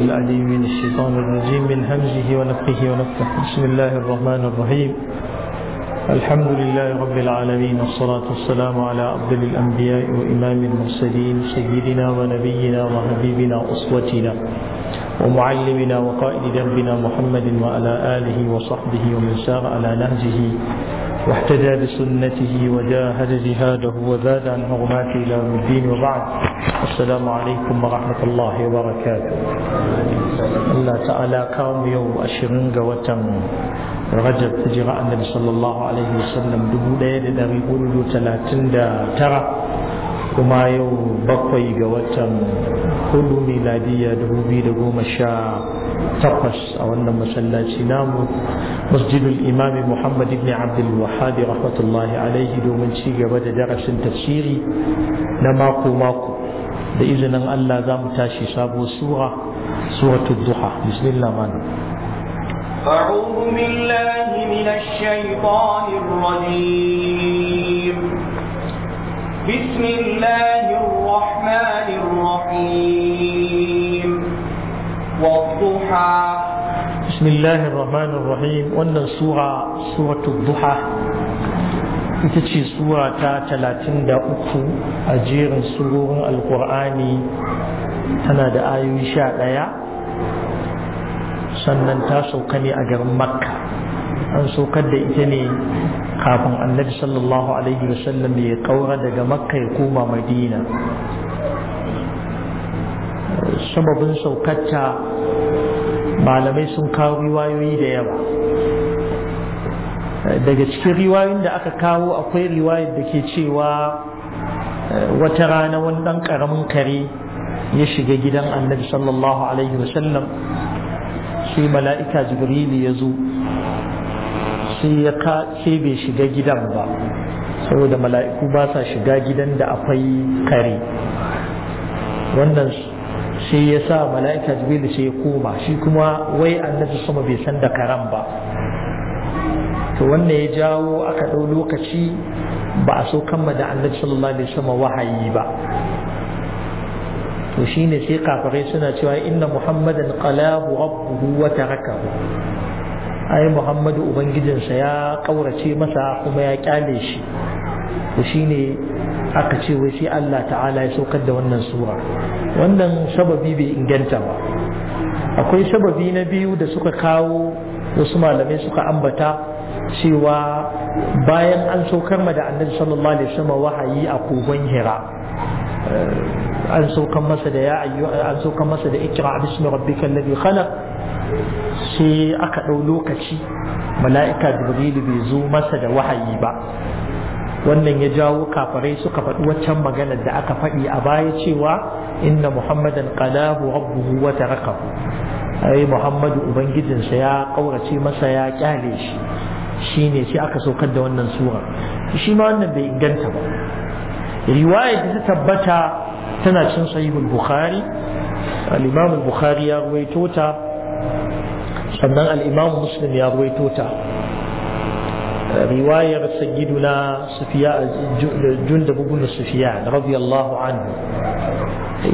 العليم من الشيطان الرجيم من همزه ونفخه ونفخه بسم الله الرحمن الرحيم الحمد لله رب العالمين والصلاة والسلام على أفضل الأنبياء وإمام المرسلين سيدنا ونبينا وحبيبنا أسوتنا ومعلمنا وقائد دربنا محمد وعلى آله وصحبه ومن سار على نهجه واحتجى بسنته وجاهد جهاده وزاد عن حرماته إلى يوم الدين وبعد السلام عليكم ورحمة الله وبركاته الله تعالى كام يوم أشرين وتم رجب تجرى النبي صلى الله عليه وسلم دبولين دبي قولوا ثلاثين ترى وما يوم بقي وتم كل ميلادية دبوبي دبوم الشعب فرقش أو أن مسلى شنام مسجد الإمام محمد بن عبد الوهاب رحمة الله عليه دو من شيء بعد درس تفسيري نماكو ماكو بإذن الله زم تاشي سابو سورة سورة الضحى بسم الله من أعوذ بالله من الشيطان الرجيم بسم الله الرحمن الرحيم والضحى بسم الله الرحمن wannan sura suratul duha ita ce talatin da uku a jerin surorin alkur'ani tana da ayoyi sha ɗaya sannan ta sauka ne a garin makka an saukar da ita ne kafin annabi sallallahu alaihi wasallam ya kaura daga makka ya koma madina sababin saukatta malamai sun kawo riwayoyi da yawa daga cikin riwayoyin da aka kawo akwai riwayar da ke cewa eh, wata rana wani ɗan ƙaramin kare ya shiga gidan annabi sallallahu alaihi wasallam sai mala'ika jibrili ya zo sai bai shiga gidan ba saboda mala'iku ba sa shiga gidan da akwai kare wannan sai ya sa mala'ika jibril sai ya koma shi kuma wai annabi sama bai san da karam ba to wannan ya jawo aka ɗau lokaci ba a so kama da annabi sallallahu alaihi wasallam wahayi ba to shine sai kafirai suna cewa inna muhammadan qalahu rabbuhu wa tarakahu ai muhammadu ubangijinsa ya kaurace masa kuma ya kyale shi to shine aka ce wai sai Allah ta'ala ya saukar da wannan sura wannan sababi bai inganta ba akwai sababi na biyu da suka kawo wasu malamai suka ambata cewa bayan an saukar ma da annabi sallallahu alaihi wasallam wahayi a kogon hira eh, an saukar masa da ya an saukar masa da ikra bismi rabbikal ladhi khalaq sai aka dau lokaci mala'ika jibril bai zo masa da wahayi ba wannan ya jawo kafarai suka faɗi waccan maganar da aka faɗi a baya cewa inna muhammadan qalahu rabbuhu wa tarakahu ai muhammadu ubangijinsa ya kaurace masa ya kyale shi shine sai aka saukar da wannan sura shi ma wannan bai inganta ba riwaya da ta tabbata tana cin sahihul bukhari al-imam al-bukhari ya ruwaito ta sannan al-imam muslim ya ruwaito ta riwayar sayyiduna sufiya da ibn sufiyan radiyallahu anhu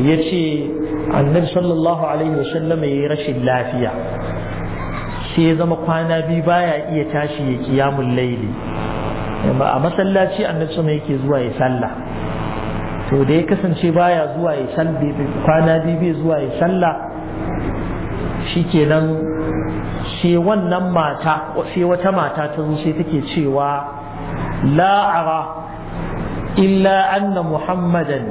yace annabi sallallahu alaihi wasallam yayi rashin lafiya sai ya zama kwana biyu baya iya tashi ya kiyamul laili a masallaci annabi sama yake zuwa ya sallah to da ya kasance baya zuwa ya sallah kwana biyu bai zuwa ya sallah shikenan sai wannan mata sai wata mata ta zo sai take cewa la'ara illa anna muhammadan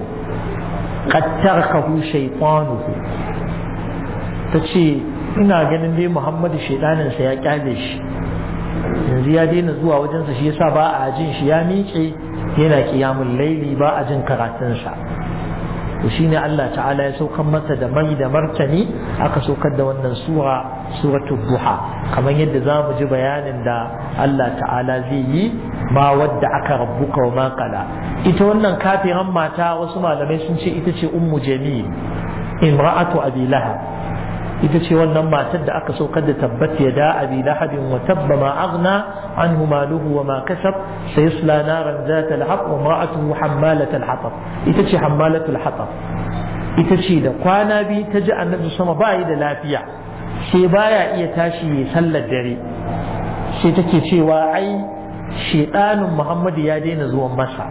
qad tarkahu shaytanuhu tace ina ganin dai muhammadu shaydanin sa ya kyale shi yanzu ya daina zuwa wajensa shi yasa ba a jin shi ya miƙe yana kiyamun laili ba a jin karatunsa to shine Allah ta'ala ya saukar masa da mai da martani aka saukar da wannan sura suratul duha kamar yadda za mu ji bayanin da Allah ta'ala zai yi ma wadda aka rabbuka wa makala ita wannan kafiran mata wasu malamai sun ce ita ce ummu jami imra'atu abi lahab ita ce wannan matar da aka saukar da tabbat ya da abi lahabin wa tabba ma aghna anhu maluhu wa ma kasab sayasla naran zata al-hab wa mar'atuhu hammalat al-hatab ita ce hammalat al-hatab ita ce da kwana biyu ta ji annabi sama ba yi da lafiya sai baya iya tashi ya sallar dare sai take cewa ai shedanin muhammadu ya daina zuwan masa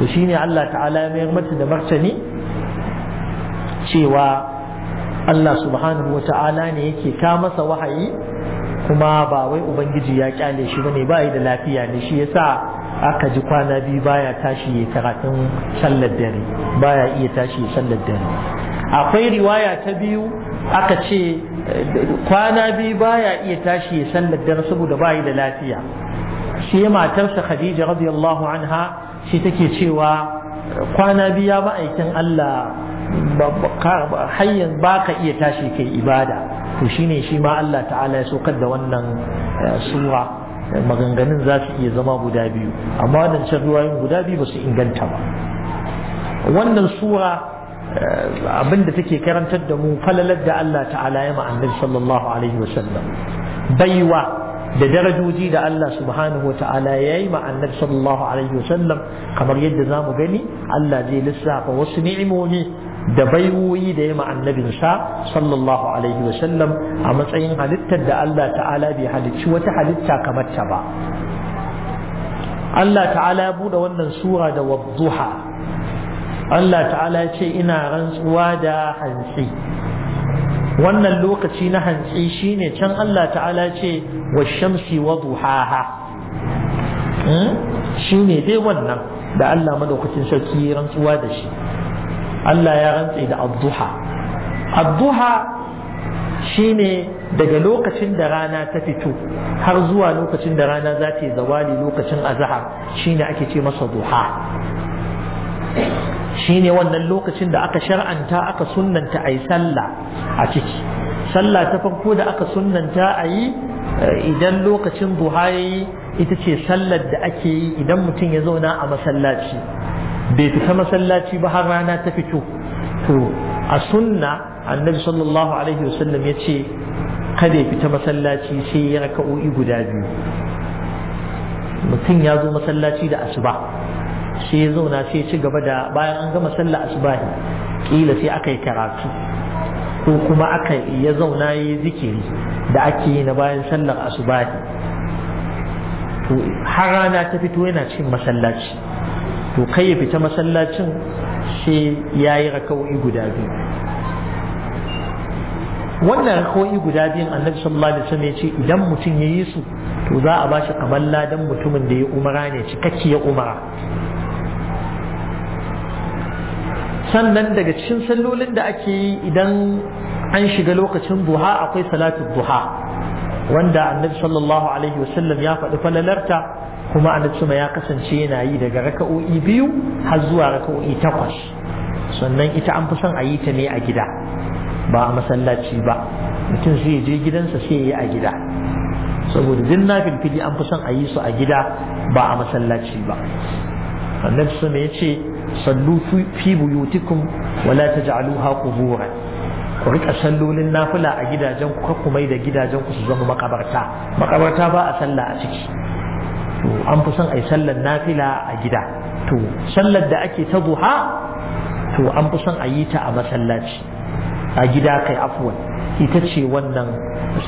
to shine Allah ta'ala ya mayar mata da martani cewa Allah subhanahu wata'ala ne yake ka masa wahayi kuma ba wai ubangiji ya kyale shi bane ba da lafiya ne shi yasa aka ji kwana biyu baya tashi karatun sallar dare baya iya tashi sallar dare akwai riwaya ta biyu aka ce kwana biyu baya iya tashi sallar dare saboda bayi da lafiya shi matarsa Khadija radiyallahu anha shi take cewa kwana biya ma'aikin Allah hayyan ba ka iya tashi kai ibada to shine shi ma Allah ta'ala ya saukar da wannan eh, sura maganganun za su iya zama guda biyu amma wadancan ruwayoyin guda biyu ba su inganta ba wannan sura eh, abinda take karantar da mu falalar da Allah ta'ala ya ma annabi sallallahu alaihi wasallam baiwa da darajoji da Allah subhanahu wa ta'ala ya yi annabi sallallahu alaihi wasallam kamar yadda za mu gani Allah zai lissafa wasu ni'imomi da baiwoyi da ya annabinsa sallallahu alaihi wasallam a matsayin halittar da Allah ta'ala bai halicci wata halitta kamar ta ba Allah ta'ala ya buɗe wannan sura da wadduha Allah ta'ala ya ce ina rantsuwa da hantsi wannan lokaci na hantsi shine can Allah ta'ala ce wa shamsi wa duhaha hmm? ne dai wannan da Allah madaukakin sarki ya rantsuwa da shi Allah ya rantse da adduha adduha shine daga lokacin da rana ta fito har zuwa lokacin da rana za ta yi zawali lokacin azaha, shine ake ce masa duha shine wannan lokacin da aka shar'anta aka sunnanta a yi sallah a ciki sallah ta farko da aka sunnanta a yi eh, idan lokacin duha ita ce sallar da ake yi idan mutum ya zauna a masallaci bai fita masallaci ba har rana ta fito to a sunna annabi sallallahu alaihi wasallam ya ce kada ya fita masallaci sai ya raka'o'i guda biyu mutum ya zo masallaci da asuba sai ya zauna sai ya ci gaba da bayan an gama sallar asubahi kila sai aka yi karatu ko kuma aka ya zauna ya yi zikiri da ake yi na bayan sallar asubahi to har rana ta fito yana cin masallaci to kai ya fita masallacin sai ya yi raka'o'i guda biyu wannan raka'o'i guda biyun annabi sallallahu alaihi wasallam ya ce idan mutum ya yi su to za a ba shi kamar dan mutumin da ya umara ne cikakkiyar umara sannan daga cikin sallolin da ake yi idan an shiga lokacin buha akwai salatu buha wanda annabi sallallahu alaihi wasallam ya faɗi falalarta kuma annabi sama ya kasance yana yi daga raka'o'i biyu har zuwa raka'o'i takwas sannan ita an fi son a yi ta ne a gida ba a masallaci ba mutum zai je gidansa sai ya yi a gida saboda duk na filfili an fi son a yi su a gida ba a masallaci ba annabi sama ya ce sallu fi buyutikum wala taj'aluha quburan ku rika sallolin nafila a gidajen ku kakku mai da gidajen ku su zama makabarta makabarta ba a sallah a ciki to an fi son ai sallar nafila a gida to sallar da ake ta duha to an fi son a yi ta a masallaci a gida kai afwan ita ce wannan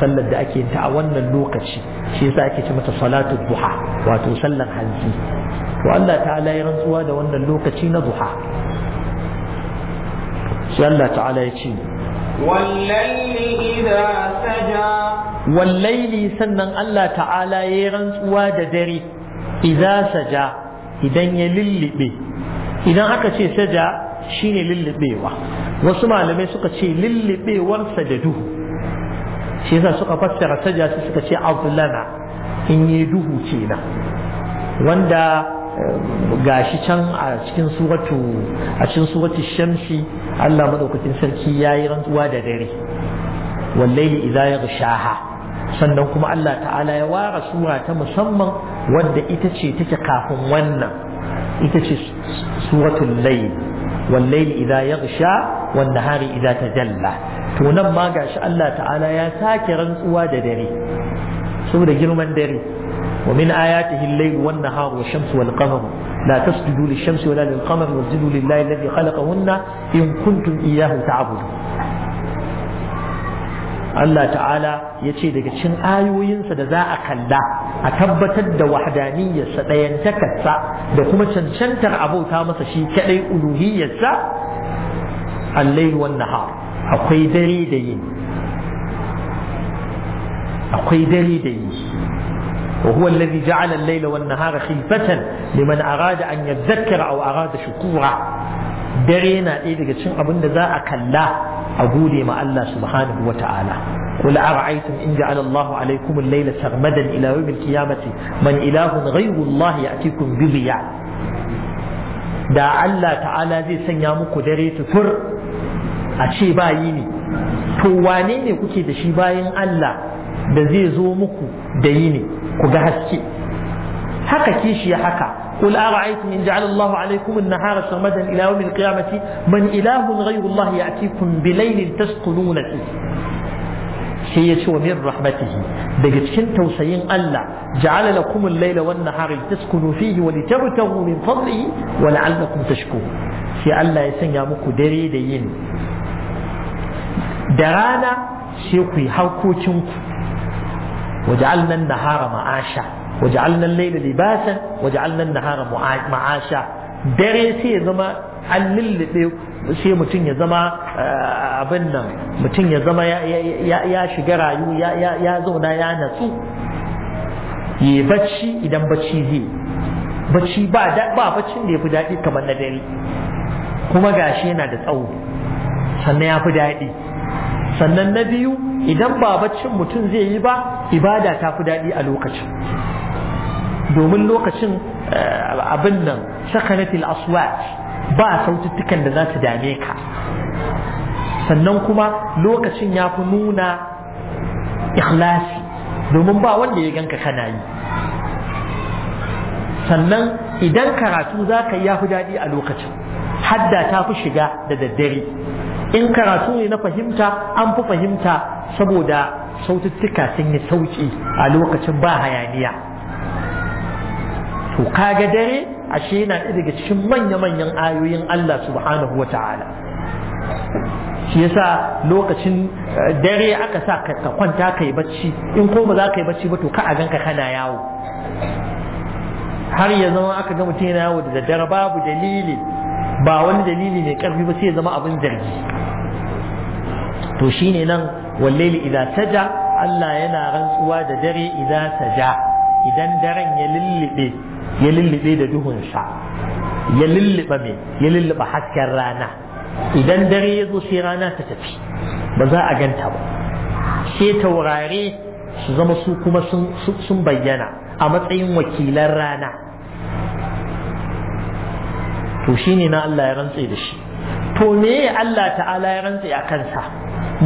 sallar da ake ta a wannan lokaci shi yasa ake ce mata salatu duha wato sallar hanzi to Allah ta'ala ya rantsuwa da wannan lokaci na duha sai Allah ta'ala ya ce wallaili idza saja wallaili sannan Allah ta'ala ya rantsuwa da dare idza saja idan ya lullube idan aka ce saja shine lullubewa wasu malamai suka ce lullubewarsa da duhu shi yasa suka fassara saja su suka ce azlama in yi duhu ce wanda gashi can a cikin suratu a cikin suratu shamsi Allah madaukakin sarki ya yi rantsuwa da dare wallahi idza yaghshaha sannan kuma Allah ta'ala ya ware sura ta musamman wadda ita ce take kafin wannan ita ce suratul layl wallahi idza yaghsha wan nahari idza tajalla to nan ma gashi Allah ta'ala ya sake rantsuwa da dare saboda girman dare ومن آياته الليل والنهار والشمس والقمر لا تسجدوا للشمس ولا للقمر واسجدوا لله الذي خلقهن إن كنتم إياه تعبدون Allah ta'ala ya ce daga cikin ayoyinsa da za a kalla a tabbatar da ɗayan ɗayantakarsa da kuma cancantar abauta masa shi kaɗai uluhiyarsa allai wan nahar akwai dare da yi. akwai dare da وهو الذي جعل الليل والنهار خيفة لمن أراد أن يذكر أو أراد شكورا درينا إيه دقى شن أبن ذا أكلا أقولي مع الله سبحانه وتعالى قل أرأيتم إن جعل الله عليكم الليل سرمدا إلى يوم القيامة من إله غير الله يأتيكم بضياء da Allah ta'ala zai sanya muku dare tukur a ce bayi ne to wane ne kuke da shi bayan Allah da zai zo muku da yini ku ga haske haka kishi ya haka قل أرأيتم إن جعل الله عليكم النهار سرمدا إلى يوم القيامة من إله غير الله يأتيكم بليل تسكنون فيه daga cikin tausayin Allah ja'ala lakum al-laila Allah ya sanya muku dare da da rana وجعلنا النهار معاشا وجعلنا الليل لباسا وجعلنا النهار معاشا dare sai ya zama an lullube sai mutum ya zama eh, abin nan mutum ya zama ya shiga rayu ya zauna ya natsu yi bacci idan bacci zai bacci ba baccin da ya fi daɗi kamar na dare kuma gashi yana da tsawo sannan ya fi daɗi sannan na biyu idan ba baccin mutum zai yi ba ibada ta fi daɗi a lokacin domin lokacin eh, abin nan sakanatil aswat ba saututtukan da za ta dame ka sannan kuma lokacin ya fi nuna ikhlasi domin ba wanda ya ganka kana yi sannan idan karatu za ka yi ya fi daɗi a lokacin hadda ta fi shiga da daddare in karatu ne na fahimta an fi fahimta saboda saututtuka sun yi sauki a lokacin ba hayaniya to kaga dare ashe yana ɗaya daga cikin manya-manyan ayoyin Allah subhanahu wa ta'ala shi yasa lokacin eh, dare aka sa ka kwanta ka yi bacci in ko ba za ka yi bacci ba to ka a ganka kana yawo har ya zama aka ga mutum yana yawo da daddare babu dalili ba wani dalili mai karfi ba sai ya zama abin zargi to shine nan wallaili idza taja Allah yana rantsuwa da dare idza taja idan daren ya lullube ya lullube da duhun sa ya lullube me ya lullube hasken rana idan dare ya zo sai rana ta tafi ba za a ganta ba sai taurare su zama su kuma sun bayyana a matsayin wakilan rana to shine na Allah ya rantse da shi to me Allah ta'ala ya rantsa a kansa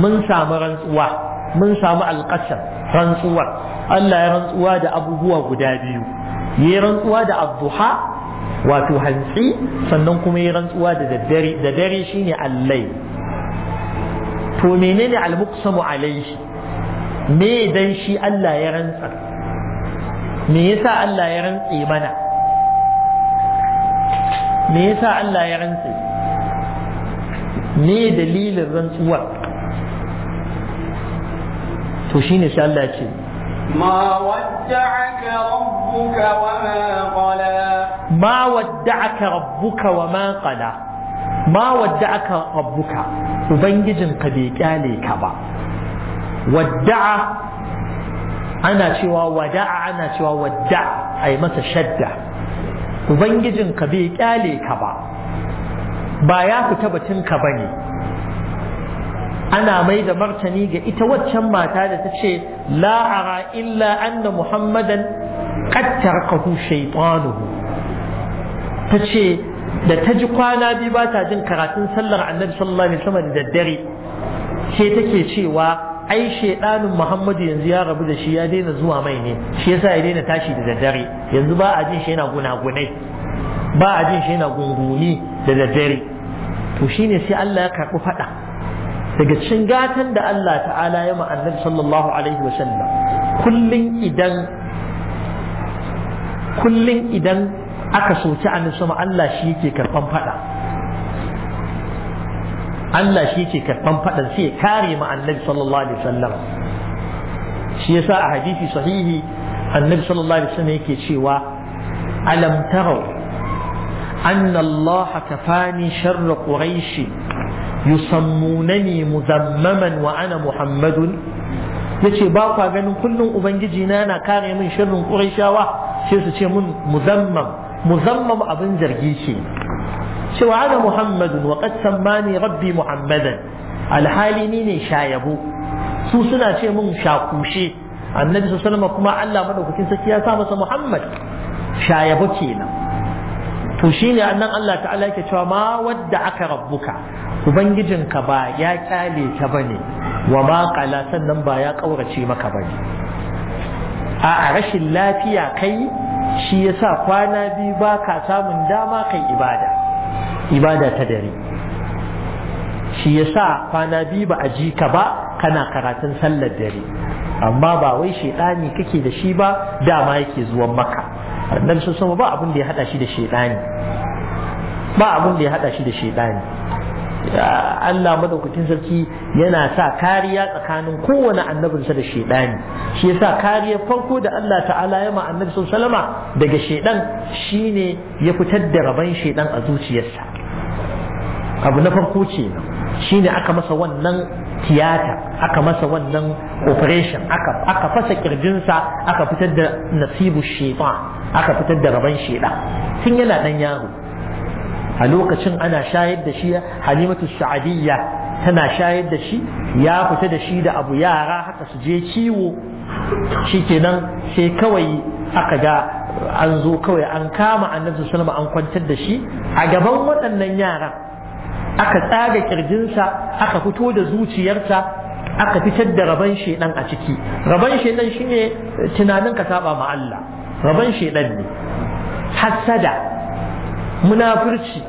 mun samu rantsuwa mun samu alƙasar rantsuwar Allah ya rantsuwa da abubuwa guda biyu ya rantsuwa da abduha wato hantsi sannan kuma ya rantsuwa da daddare da dare shine allai to menene almuqsamu alaihi me dan shi Allah ya rantsa me yasa Allah ya rantse mana me yasa Allah ya rantse me dalilin rantsuwar to shine sai Allah ce ma wadda'aka rabbuka wa ma qala ma wadda'aka rabbuka wa ka, qala ma wadda'aka bai kyale ka ba wadda'a ana cewa wada'a ana cewa wadda'a yi masa shadda ka bai kyale ka ba ba ya fita batun ba ne ana mai da martani ga ita waccan mata da ta ce la'ara illa anna muhammadan qattar kahu shaitanuhu ta ce da ta ji kwana biyu ba ta jin karatun sallar annabi sallallahu alaihi wasallam da daddare ke take cewa ai shaidanin muhammadu yanzu ya rabu da shi ya daina zuwa mai ne shi yasa ya daina tashi da daddare yanzu ba a jin shi yana gunagunai ba a jin shi yana gunguni da daddare to shine sai Allah ya karɓi faɗa daga cikin gatan da Allah ta'ala ya ma'annabi sallallahu alaihi wa sallam kullum idan kullum idan aka soci annabi sama Allah shi yake karɓan faɗa Allah shi yake karɓan faɗan sai ya kare ma sallallahu alaihi wa sallam shi yasa a hadisi sahihi annabi sallallahu alaihi wa sallam yake cewa alam tarau أن الله كفاني شر قريش يسمونني مذمما وأنا محمد yace ba kwa ganin kullum ubangiji na na kare min shirin qurayshawa sai su ce mun muzammam muzammam abin zargi ce cewa ana muhammadun wa qad sammani rabbi muhammadan alhali ni ne shayabu su suna ce mun shakushe annabi sallallahu alaihi kuma Allah madaukakin sarki ya sa masa muhammad shayabu kenan to shi ne annan Allah ta'ala yake cewa ma wadda aka rabbuka ubangijinka ba ya kyale ka bane wa ma qala sannan ba ya kaurace maka bane a rashin lafiya kai shi sa kwana biyu ba ka samun dama kai ibada ibada ta dare shi yasa kwana biyu ba a ji ka ba kana karatun sallar dare amma ba wai shaidani kake da shi ba dama yake zuwan maka annabi sun sama ba abin da ya hada shi da shaidani ba abin da ya hada shi da Allah madaukakin sarki yana sa kariya tsakanin kowane annabinsa da ne. shi yasa kariyar farko da Allah ta'ala ya ma annabi sun salama daga shaidan shine ya fitar da rabon shaidan a zuciyarsa abu na farko ce ne aka masa wannan tiyata aka masa wannan operation aka fasa kirjinsa aka fitar da nasibu shefa aka fitar da rabon sheda tun yana dan yaro a lokacin ana shayar da shi halimatu sa'adiyya tana shayar da shi ya fita da shi da abu yara haka su je ciwo shikenan sai kawai aka ga an zo kawai an kama annabi sallama an kwantar da shi a gaban waɗannan yaran aka tsaga kirjinsa aka fito da zuciyarsa aka fitar da rabon shedan a ciki raban shedan shine tunanin ka saba ma Allah raban shedan ne hasada munafurci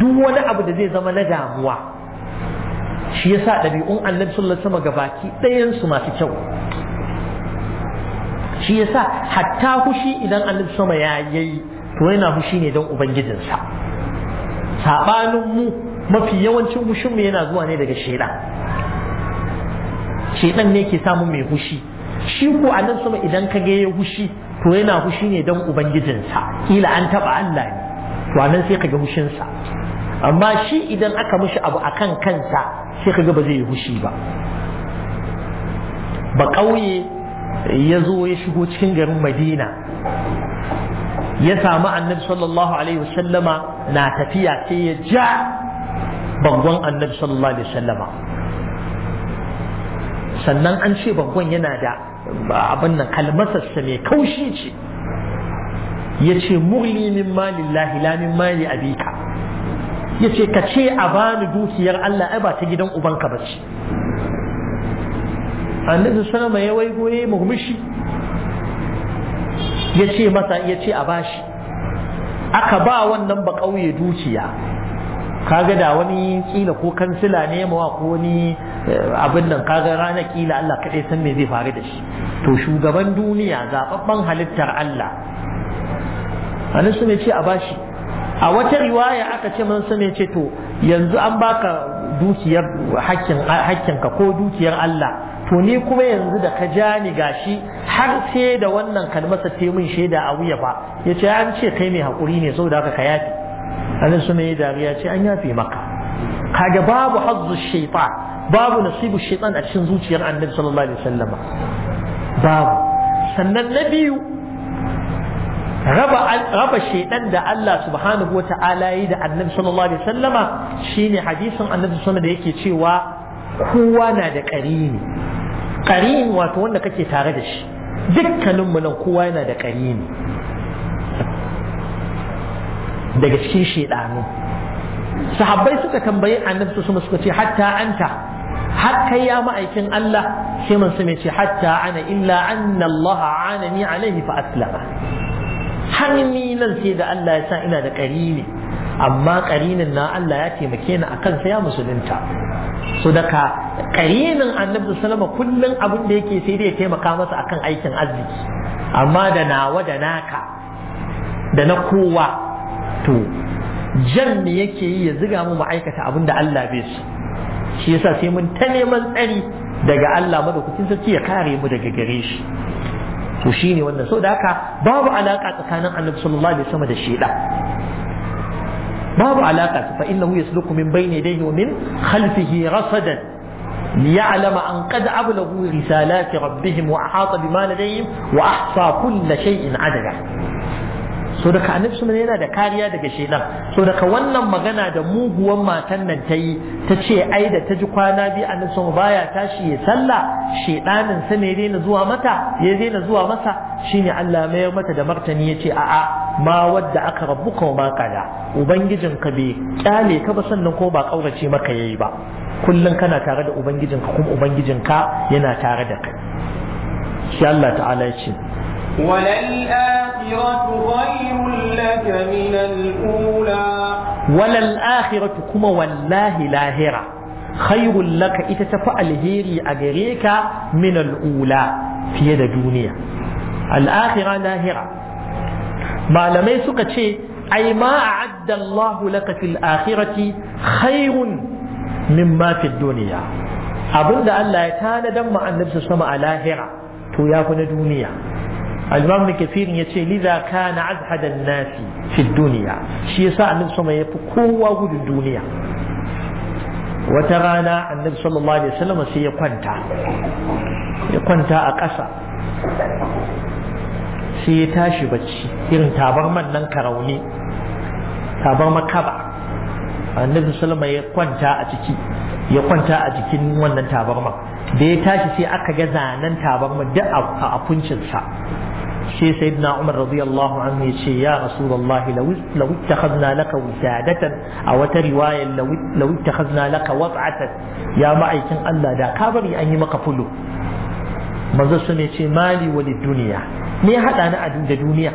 duk wani abu da zai zama na damuwa shi yasa ɗabi'un annabi sallallahu alaihi wasallam gabaki ɗayan su masu kyau shi yasa hatta fushi idan annabi sama ya yayi to yana fushi ne don ubangijinsa sabanin mu mafi yawancin hushin mu yana zuwa ne daga shaidan shaidan ne ke samun mai hushi shi ko a nan sama idan ka ga ya hushi to yana hushi ne don ubangijinsa kila an taba Allah ne to a nan sai ka ga hushinsa amma shi idan aka mishi abu a kan kansa sai ka ga ba zai yi hushi ba ba ƙauye ya zo ya shigo cikin garin madina ya samu annabi sallallahu alaihi wasallama na tafiya sai ya ja bangon annabi sallallahu alaihi wasallama sannan an ce bangon yana da abin nan kalmasarsa mai kaushi ce ya ce murli min mali lahi la min mali abika ya ce ka ce a bani dukiyar Allah ai ba ta gidan ubanka ba ce annabi sallama ya murmushi ya ce masa ya ce a bashi aka ba wannan ba kauye dukiya kaga da wani kila ko kansila ne mawa ko wani eh, abin nan kaga ranar kila Allah kaɗai san me zai faru da shi to shugaban duniya zababban halittar Allah anan su ce a bashi a wata riwaya aka ce mun su ce to yanzu an baka dukiyar hakkin ka ko dukiyar Allah to ni kuma yanzu da ka ja ni gashi har sai da wannan kalmasa ce min shaida a wuya Ya yace an ce kai mai hakuri ne saboda haka ka yafi annabi sama yayi dariya ce an yafe maka kaga babu hazzu shaytan babu nasibu shaytan a cikin zuciyar annabi sallallahu alaihi wasallam babu sannan na biyu raba shaidan da Allah subhanahu wa ta'ala yi da annabi sallallahu alaihi sallama shine hadisin annabi sallallahu da yake cewa kowa na da ƙarini ƙarini wato wanda kake tare da shi dukkaninmu nan kowa yana da ƙarini daga cikin shaidanu sahabbai suka tambayi annabi su suka ce hatta anta har kai ya ma'aikin Allah sai man ce hatta ana illa anna Allah anani alaihi fa aslama har ni nan sai da Allah ya sa ina da ƙari ne amma ƙarinin na Allah ya taimake ni akan sai ya musulunta so daga ƙarinin annabi kullum abin da yake sai dai taimaka masa akan aikin arziki amma da nawa da naka da na kowa to jan ne yake yi ya ziga mu ma'aikata abin da Allah bai su shi yasa sai mun ta neman tsari daga Allah madaukakin sarki ya kare mu daga gare shi to shine wannan so da haka babu alaka tsakanin Annabi sallallahu alaihi wasallam da sheda babu alaka fa innahu yasluku min bayni yadayhi wa min khalfihi rasadan ليعلم أن قد أبلغوا رسالات ربهم وأحاط بما لديهم وأحصى كل شيء عددا so daga annabi sun yana da kariya daga shedan so daga wannan magana da muguwan matan nan ta yi ta ce ai da ta ji kwana biyu annabi sun baya tashi ya sallah shedanin sa ne daina zuwa mata ya daina zuwa masa shine Allah mai mata da martani ya ce a'a ma wadda aka rabu rabbuka ma kada ka bai kyale ka ba sannan ko ba kaurace maka yayi ba kullum kana tare da ubangijinka kuma ubangijinka yana tare da kai shi Allah ta'ala ya ce وللآخرة خير لك من الأولى وللآخرة كما والله لاهرة خير لك إذا تفعل هيري أجريك من الأولى في يد الدنيا الآخرة لاهرة ما لم يسك شيء أي ما أعد الله لك في الآخرة خير مما في الدنيا أبدا أن لا يتانا دم عن نفسه سمع لاهرة تو يا دنيا al-imam ibn kathir yace lidha kana azhada an-nas fi duniya shi yasa annabi sama fi kowa gudun duniya wata rana annabi sallallahu alaihi wasallam sai ya kwanta ya kwanta a ƙasa sai ya tashi bacci irin tabarman nan karauni tabarma makaba annabi sallama ya kwanta a ciki ya kwanta a jikin wannan tabarma da ya tashi sai aka ga zanen tabarma duk a kuncinsa sai sayyidina Umar radiyallahu anhu ya ce ya Rasulullah law ittakhadna laka wisadatan a wata riwaya law ittakhadna laka wad'atan ya ma'aikin Allah da ka bari an yi maka fulu manzo su ne ce mali walid duniya me hada ni da duniya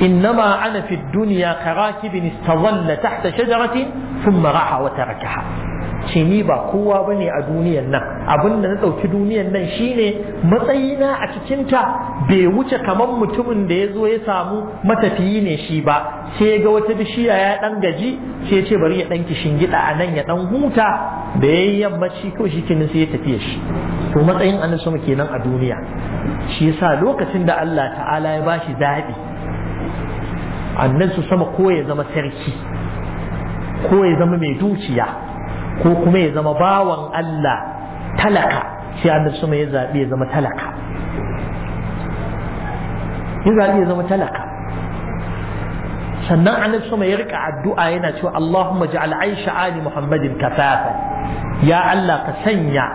innama ana fi duniya karakibin istazalla tahta shajaratin thumma raha wa tarakaha ce ni ba kowa bane a duniyan nan abin da na ɗauki duniyan nan shine matsayina a cikinta bai wuce kamar mutumin da ya zo ya samu matafiyi ne shi ba sai ga wata bishiya ya ɗan gaji sai ce bari ya ɗan kishin gida a nan ya ɗan huta da ya yi yammaci ko shi kenan sai ya tafi shi to matsayin annabi sama kenan a duniya shi yasa lokacin da Allah ta'ala ya bashi zaɓi annan su sama ko ya zama sarki ko ya zama mai dukiya ko kuma ya zama bawan Allah talaka shi annabi sama ya zaɓi ya zama talaka ya zaɓi ya zama talaka sannan annabi ya rika addu'a yana cewa Allahumma ja'al aisha ali muhammadin kafafa ya Allah ka sanya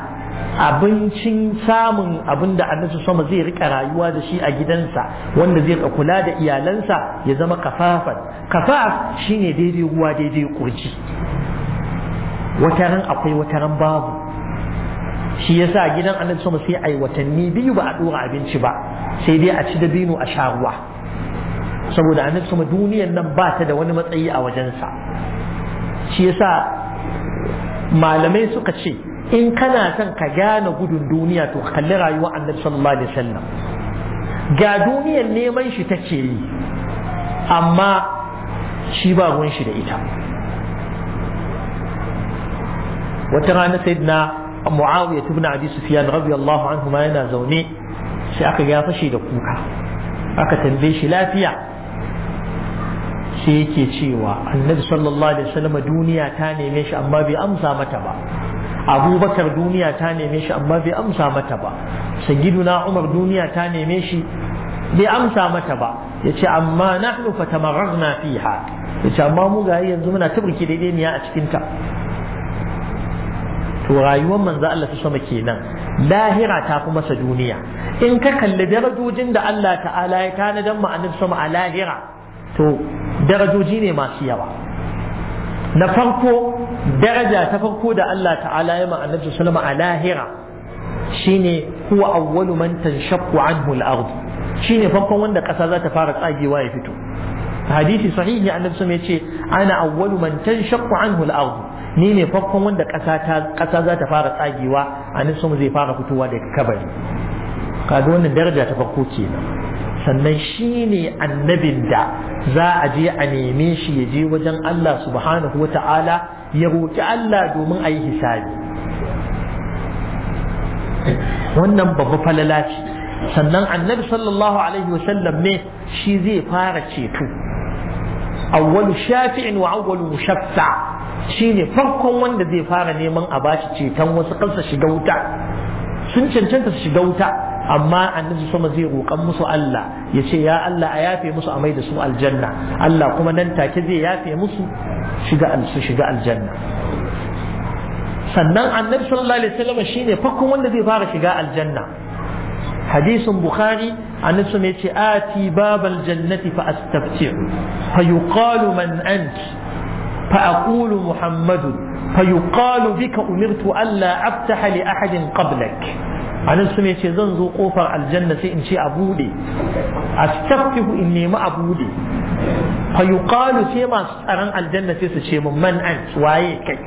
abincin samun abin da annabi sama zai rika rayuwa da shi a gidansa wanda zai rika kula da iyalansa ya zama kafafan kafaf shine daidai ruwa daidai kurji wataran akwai wataran babu shi yasa gidan annabi sama sai yi watanni biyu ba a ɗora abinci ba sai dai a ci dabinu a sha ruwa saboda annabi sama duniyar nan ba ta da wani matsayi a wajensa shi sa malamai suka ce in kana son ka gane gudun duniya to kalli rayuwar annabi sallallahu alaihi wasallam ga duniyar neman shi take yi amma shi ba ruwan shi da ita wata rana sayyidina muawiya na abi sufyan Allah anhu ma yana zaune sai aka ga fashe da kuka aka tambaye shi lafiya sai yake cewa annabi sallallahu alaihi wasallam duniya ta neme shi amma bai amsa mata ba abubakar duniya ta neme shi amma bai amsa mata ba sagiduna umar duniya ta neme shi bai amsa mata ba ya ce amma nahnu fatamarrarna fiha ya ce amma mu ga yanzu muna tabbaki daidai ne a cikinta to rayuwar manzo Allah ta sama kenan lahira ta fi masa duniya in ka kalli darajojin da Allah ta'ala ya tanadar mu annabi sama a lahira to darajoji ne masu yawa na farko daraja ta farko da Allah ta'ala ya ma annabi sallama a lahira shine huwa awwalu man tanshaqqu anhu al-ard shine farkon wanda ƙasa za ta fara tsagewa ya fito hadisi sahihi annabi ya ce wasallam ana awwalu man tanshaqqu anhu al-ard ni ne farkon wanda ƙasa za ta fara tsagewa a nisan zai fara fitowa daga kabari kaga wannan daraja ta farko kenan sannan shi ne annabin da za a je a neme shi ya je wajen Allah subhanahu wa ta'ala ya roƙi Allah domin a yi hisabi wannan babba falala ce sannan annabi sallallahu alaihi wasallam ne shi zai fara ceto awwalu shafi'in wa awwalu mushaffa shine farkon wanda zai fara neman a bashi ceton wasu kansa shiga wuta sun cancanta su shiga wuta amma annabi sama zai roƙan musu Allah ya ce ya Allah a yafe musu a mai da su aljanna Allah kuma nan take zai yafe musu shiga su shiga aljanna sannan annabi sallallahu alaihi wasallam shine farkon wanda zai fara shiga aljanna hadisin bukhari annabi sama ce ati babal jannati fa astaftir fa yuqalu man ant فأقول محمد فيقال بك أمرت ألا أفتح لأحد قبلك أنا سمي شيء زنزو قفر الجنة إن شيء أبودي أستفتح إني ما أبودي فيقال شيء ما أران الجنة شيء من أنت وايك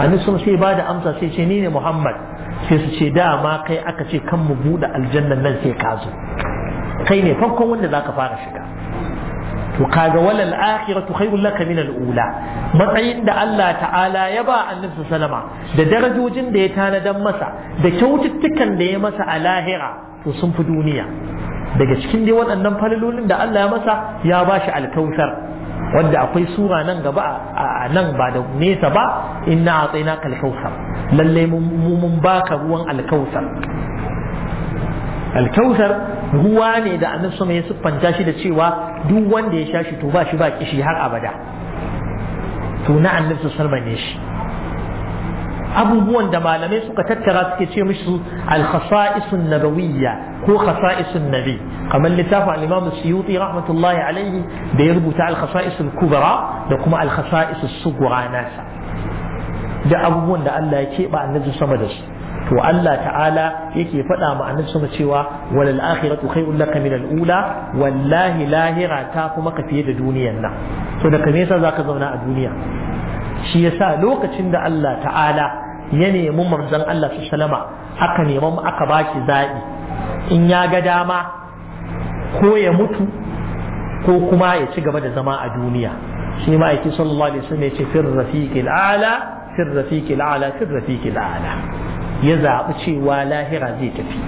أنا سمي شيء بعد أمسى شيء شنين محمد sai su ce dama kai aka ce kan mu buɗe aljannan nan sai ka zo kai ne farkon wanda za ka fara shiga to kaga walal akhiratu khairul laka min al matsayin da Allah ta'ala ya ba annabi sallama da darajojin da ya tanadan masa da kyaututtukan da ya masa a lahira to sun fi duniya daga cikin dai waɗannan falalolin da Allah ya masa ya ba shi alkausar wanda akwai sura nan gaba a nan ba da nesa ba inna a alkausar lallai lalle mun baka ruwan alkausar. alkautar ruwa ne da annabi sama ya siffanta shi da cewa duk wanda ya sha shi to ba shi ba kishi har abada to na annabi sallallahu ne shi abubuwan da malamai suka tattara suke ce musu al nabawiyya ko khasa'isun nabi kamar littafin al-imam suyuti rahmatullahi alaihi da ya rubuta al kubra da kuma al-khasa'isus sugura nasa da abubuwan da Allah ya keɓa annabi sama da su to Allah ta'ala yake faɗa ma sama cewa walal akhiratu khairul laka min al ula wallahi lahira ta kuma ka fiye da duniyar nan to da kame yasa zaka zauna a duniya shi yasa lokacin da Allah ta'ala ya nemi manzon Allah sallama aka nemi aka baki zabi in ya ga dama ko ya mutu ko kuma ya ci gaba da zama a duniya shi ma yake sallallahu alaihi wasallam ya ce fir a'la fir a'la fir a'la ya zaɓi cewa lahira zai tafi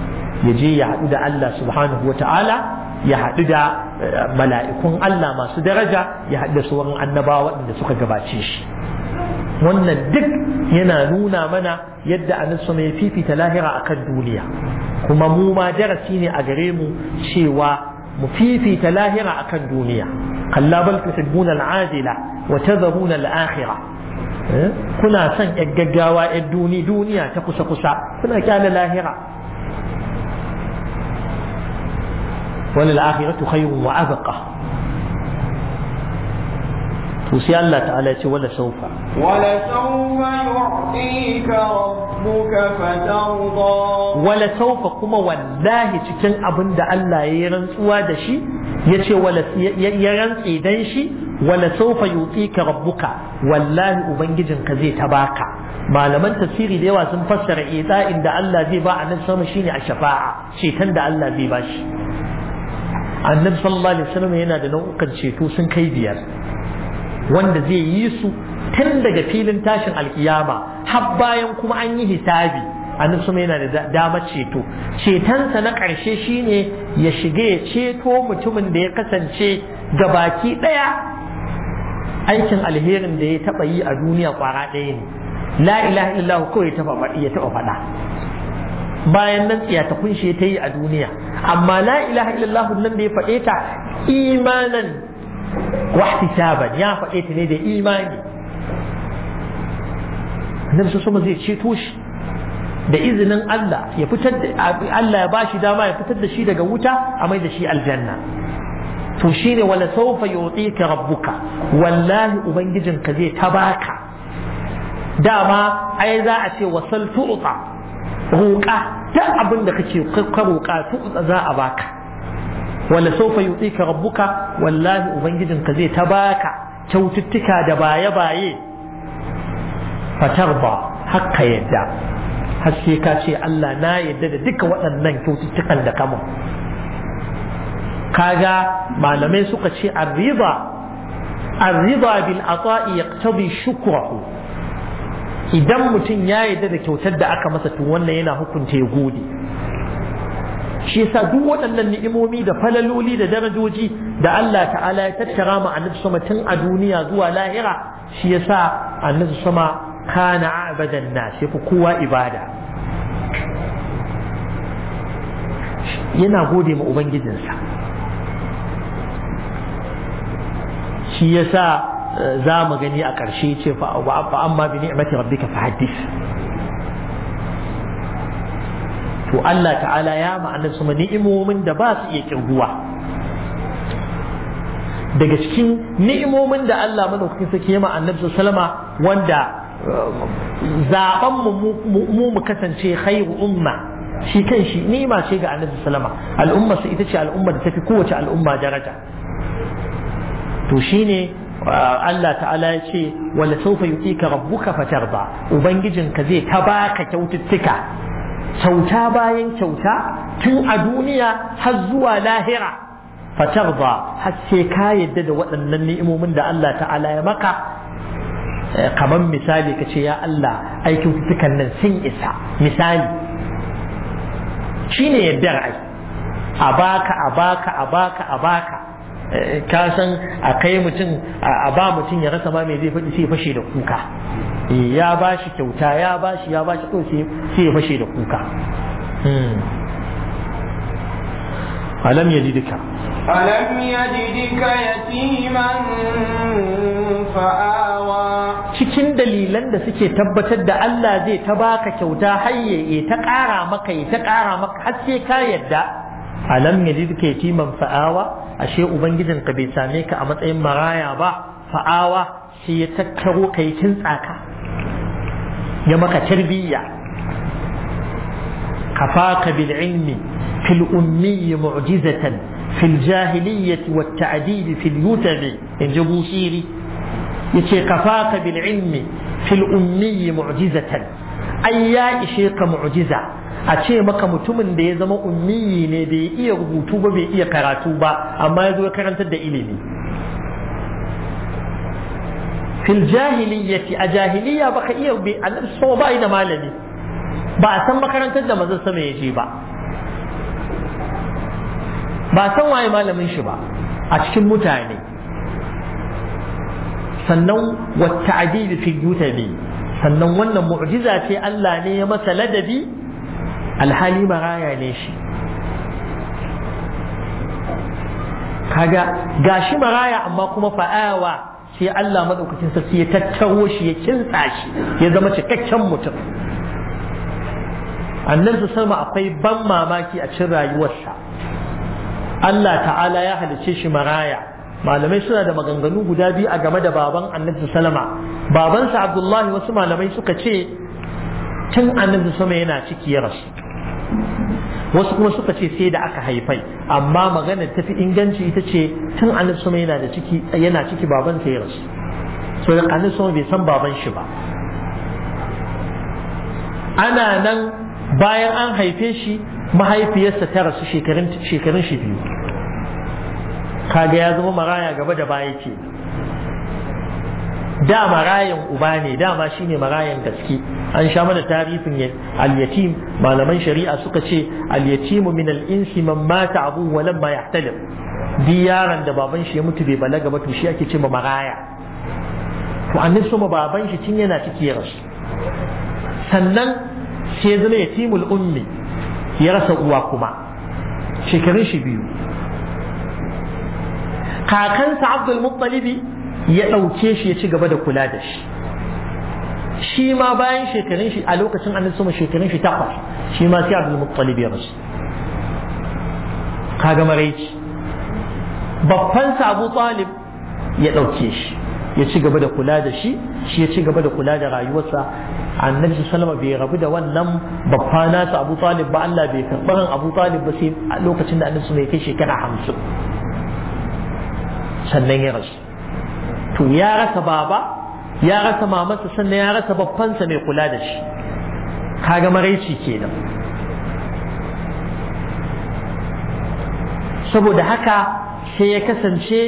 ya je ya haɗu da Allah subhanahu wa ta'ala ya haɗu da eh, mala'ikun Allah masu daraja ya haɗu da sauran annabawa waɗanda suka gabace shi wannan duk yana nuna mana yadda anisu mai fifita lahira akan duniya kuma mu ma darasi ne a gare mu cewa mu fifita lahira akan duniya kalla bal tuhibbuna al'ajila wa tadhuruna al'akhirah Eh? kuna son yan gaggawa yan duni duniya ta kusa kusa kuna kyale lahira walil akhiratu khayrun wa abqa to sai Allah ta'ala ya ce wala sawfa ولسوف يعطيك ربك فترضى ولسوف كما والله cikin abin da Allah ya yi rantsuwa da shi yace wala ya rantsi dan shi wala sawfa yutika rabbuka wallahi ubangijinka zai ta ka. malaman tafsiri da yawa sun fassara itsa'in da Allah zai ba annabi sama shine a shafa'a cetan da Allah zai ba shi annabi sallallahu alaihi wasallam yana da nau'ukan ceto sun kai biyar wanda zai yi su tun daga filin tashin alkiyama har bayan kuma an yi hisabi annabi kuma yana da damar ceto cetonsa na ƙarshe shine ya shiga ya ceto mutumin da ya kasance ga baki ɗaya aikin alherin da ya taɓa yi a duniya ƙwara ɗaya ne la ilaha illahu kawai ya taɓa faɗa bayan nan tsiya ta kunshe ta yi a duniya amma la ilaha illallah nan da ya faɗe ta imanan wahtisaban ya faɗe ta ne da imani annabi sallallahu zai ceto shi da izinin Allah ya fitar Allah ya bashi dama ya fitar da shi daga wuta a mai da shi aljanna to shine wala sawfa yu'tika rabbuka wallahi ubangijin ka zai ta baka dama ai za a ce wasal tu'ta roƙa ta abin da kake ka roƙa tu'ta za a baka wala sawfa yu'tika rabbuka wallahi ubangijin ka zai ta baka kyaututtuka da baye-baye fatarba haka yadda haske ka ce Allah na yadda da duka waɗannan kyaututtukan da kama kaga malamai suka ce arriba arriba bil ata'i yaqtadi shukrahu idan mutum ya yarda da kyautar da aka masa to wannan yana hukunta ya gode shi yasa duk waɗannan ni'imomi da falaloli da darajoji da Allah ta'ala ya tattara mu annabi sama tun a duniya zuwa lahira shi yasa annabi sama kana a'badan na yafi kowa ibada yana gode ma ubangijinsa shi ya sa eh, za mu gani a ƙarshe ce fa amma bi ni'mati rabbika fa hadith to Allah ta'ala ya ma'anar su ni'imomin da ba su iya kirguwa daga cikin ni'imomin da Allah madaukakin sake ya ma'anar su salama wanda zaben mu mu kasance khairu umma shi kan shi ni'ima ce ga annabi sallama al'umma su ita ce al'umma da tafi kowace al'umma daraja to shine uh, Allah ta'ala ya ce wala sawfa yu'tika rabbuka fatarda ubangijinka zai ta baka kyaututtuka kyauta bayan kyauta tun a duniya har zuwa lahira fatarda har sai ka yadda da waɗannan ni'imomin da Allah ta'ala ya maka kamar misali ka ce ya Allah aikin cutukan nan sun isa misali Shi shine yadda ai a baka a baka a baka a baka eh, ka san a kai mutum a ba mutum ya rasa ma mai zai faɗi sai ya fashe da kuka eh, ya ba shi kyauta ya ba shi ya ba shi kawai sai ya fashe da kuka hmm. alam ya ji duka ألم يجدك يتيما فآوى cikin dalilan da suke tabbatar da Allah zai ta baka kyauta hayyaye ta ƙara maka ya ta ƙara maka har sai ka yadda alam yajidka yatiman fa'awa ashe ubangijin ka bai same ka a matsayin maraya ba fa'awa shi ya tattaro kai kin tsaka ya maka tarbiyya kafaka bil ilmi fil ummi mu'jizatan fil jahiliyyati wat ta'dib fil yutabi in ji busiri yace kafaka bil ilmi fil ummi mu'jizatan ai ya ishe ka mu'jiza a ce maka mutumin da ya zama ummiyi ne bai iya rubutu ba bai iya karatu ba amma ya zo ya karantar da ilimi fil jahiliyyati a jahiliya baka iya bai annabi ba da malami ba a san makarantar da mazan sama ya je ba ba san waye malamin shi ba a cikin mutane sannan wata adili fi ne sannan wannan mu'jiza ce Allah ne ya masa ladabi alhali maraya ne shi kaga gashi maraya amma kuma fa'awa sai Allah maɗaukacin sarki ya tattaro shi ya kintsa shi ya zama cikakken mutum annan su sama akwai ban mamaki a cin rayuwarsa Allah ta'ala ya halice shi maraya malamai suna da maganganu guda biyu a game da baban annabi salama babansa abdullahi wasu malamai suka ce tun annabi sama yana ciki ya rasu wasu kuma suka ce sai da aka haifai amma magana fi inganci ita ce tun annabi sama yana da ciki yana ciki babansa ya rasu so annabi sama bai san baban shi ba ana nan bayan an haife shi mahaifiyarsa ta rasu shekarun shi biyu kaga ya zama maraya gaba da baya ke da marayan uba ne dama shine marayan gaske an sha mana tarihin al-yatim malaman shari'a suka ce al-yatimu min al-insi man mata abu wa lam ma yahtalim bi yaron da baban shi ya mutu bai balaga ba to shi ake ce ma maraya to annabi so baban shi tun yana ciki ya rasu sannan sai ya zama yatimul ummi ya rasa uwa kuma shekarun shi biyu kakansa abdul muttalibi ya ɗauke shi ya ci gaba da kula da shi shi ma bayan shekarun shi a lokacin annabi sama shekarun shi takwas shi ma sai abdul muttalibi ya rasu kaga maraici babban sabu talib ya ɗauke shi ya ci gaba da kula da shi shi ya ci gaba da kula da rayuwarsa annabi sallama bai rabu da wannan babba nasa abu talib ba Allah bai karɓi abu talib ba sai a lokacin da annabi mai kai shekara hamsin sannan ya rasu to ya rasa baba ya rasa mamansa sannan ya rasa babbansa mai kula da shi kaga maraici kenan saboda haka sai ya kasance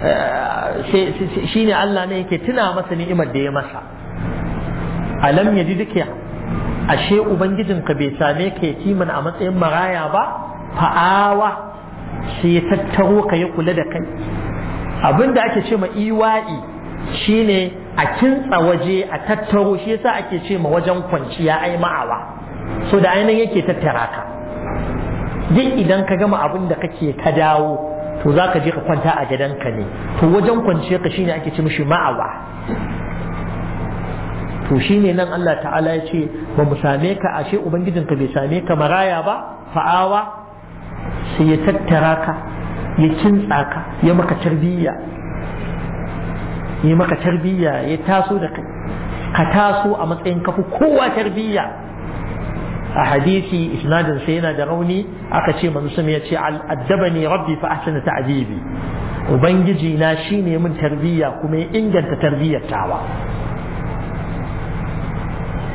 eh, shi ne Allah ne yake tuna masa ni'imar da ya masa alam ya ji duke ashe ubangijinka bai same ka yatiman a matsayin maraya ba fa'awa sai ya tattaro ka ya kula da kai abin da ake ce ma iwa'i e e shine a kintsa waje a tattaro shi yasa ake ce ma wajen kwanciya ai ma'awa so da ainihin yake tattara ka duk idan ka gama abin da kake ka dawo to za ka je ka kwanta a ka ne to wajen kwanciya ka shine ake ce mishi ma'awa to ne nan Allah ta'ala ya ce ba mu same ka ashe ubangijinka bai same ka maraya ba fa'awa sai ya tattara ka ya kintsa ka ya maka tarbiyya ya maka tarbiyya ya taso da kai ka taso a matsayin kafi kowa tarbiyya a hadisi isnadin sai yana da rauni aka ce manzo ya ce al'addabani rabbi fa ahsana ta'dibi ubangiji na shine min tarbiyya kuma ya inganta tarbiyyar tawa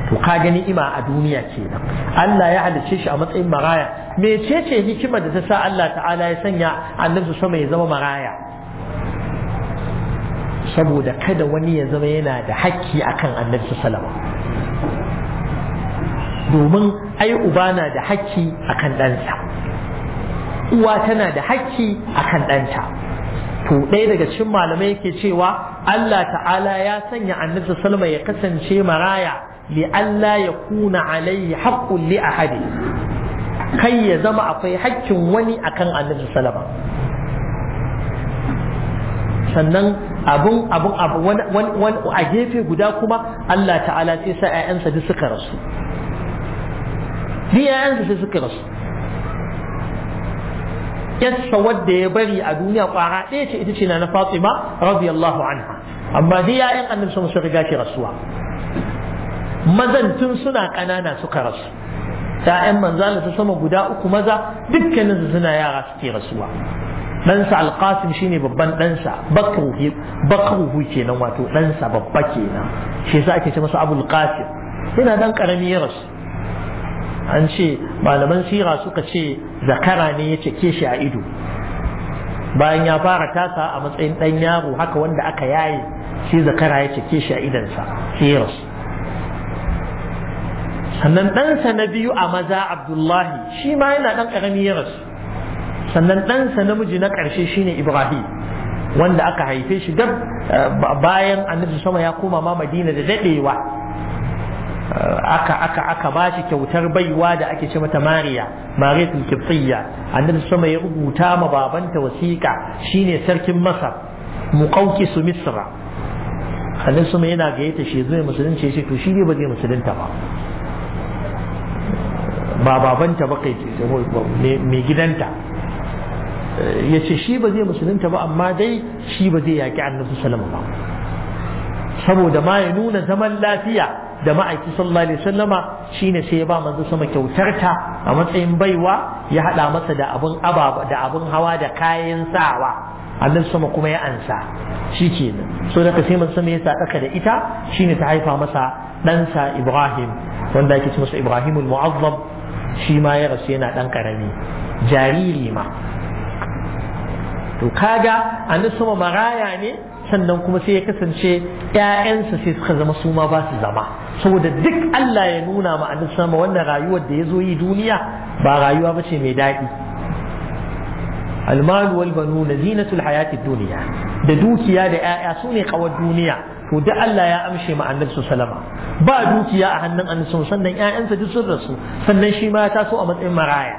to ka gani ima a duniya kenan Allah ya halicce shi a matsayin maraya mecece hikimar da ta sa Allah ta'ala ya sanya annabi sama ya zama maraya saboda kada wani ya zama yana da hakki akan annabi sallama domin ai uba na da hakki akan ɗansa uwa tana da hakki akan ɗanta to ɗaya daga cikin malamai yake cewa Allah ta'ala ya sanya annabi sallama ya kasance maraya li'alla ya kuna alayhi haƙƙun li ahadi kai ya zama akwai haƙƙin wani akan annabi salama sannan abun abun abu wani a gefe guda kuma Allah ta'ala sai sa ƴaƴansa duk suka rasu duk ƴaƴansa sai suka rasu yassa wadda ya bari a duniya kwara ɗaya ce ita ce na na Fatima radiyallahu anha amma dai ƴaƴan annabi sun riga shi rasuwa mazan tun suna ƙanana suka rasu yayan manzala ta sama guda uku maza dukkanin su suna yara suke rasuwa ɗansa alƙasim shine babban ɗansa bakruhu kenan wato ɗansa babba kenan shi yasa ake ce masa abul qasim yana dan ƙarami ya rasu an ce malaman sira suka ce zakara ne ya cike shi a ido bayan ya fara tasa a matsayin ɗan yaro haka wanda aka yaye sai zakara ya cike shi a idansa sai ya rasu sannan ɗansa na biyu a maza abdullahi shi ma yana ɗan ƙarami ya rasu sannan ɗansa namiji na ƙarshe shine ibrahim wanda aka haife shi gab eh, bayan annabi sama ya koma ma madina da daɗewa eh, aka aka aka ba shi kyautar baiwa da ake ce mata mariya mariyatul kibtiyya annabi sama ya rubuta ma babanta wasiƙa shine sarkin masar muqawqisu misra annabi sama yana gayyata shi zai musulunci ya ce to shi ne ba zai musulunta ba ba babanta ba kai mai gidanta eh, ya ce shi ba zai musulunta ba amma dai shi ba zai yaƙi annabi sallama ba saboda ma ya nuna zaman lafiya da ma'aiki sallallahu alaihi sallama ne sai ya ba manzo sama kyautarta a matsayin baiwa ya haɗa masa da abin ababa da abin hawa da kayan sawa annabi sama kuma ya ansa shi nan, so da sai manzo sama ya sadaka da ita shi ne ta haifa masa ɗansa Ibrahim wanda ake ce masa Ibrahimul Mu'azzam shi ma ya rasu yana ɗan ƙarami jariri ma to kaga a sama maraya ne sannan kuma sai ya kasance ‘ya'yansa sai suka zama suma ma ba su zama saboda duk Allah ya nuna ma a sama wannan rayuwar da ya zo yi duniya ba rayuwa ba ce mai daɗi almalu wal banu na zinatul hayati duniya da dukiya da ‘ya'ya su ne kawar duniya to da Allah ya amshe ma annabi Salama ba dukiya a hannun annabi sannan ƴaƴansa duk sun rasu sannan shi ma ya taso a matsayin maraya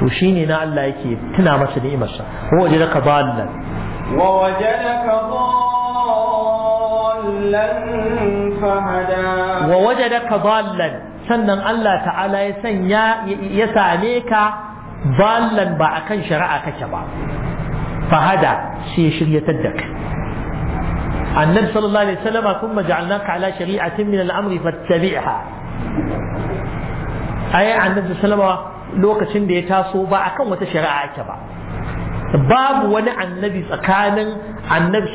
to shine na Allah yake tuna masa ni'imarsa wa wajadaka dallan wa wajadaka dallan fahada wa wajadaka dallan sannan Allah ta'ala ya sanya ya same ka dallan ba akan shari'a kake ba fahada sai ya shiryatar da kai annabi sallallahu alaihi wasallam kuma ja'alnaka ala shari'atin min al-amri fattabi'ha ai annabi sallallahu lokacin da ya taso ba akan wata shari'a ake ba babu wani annabi tsakanin annabi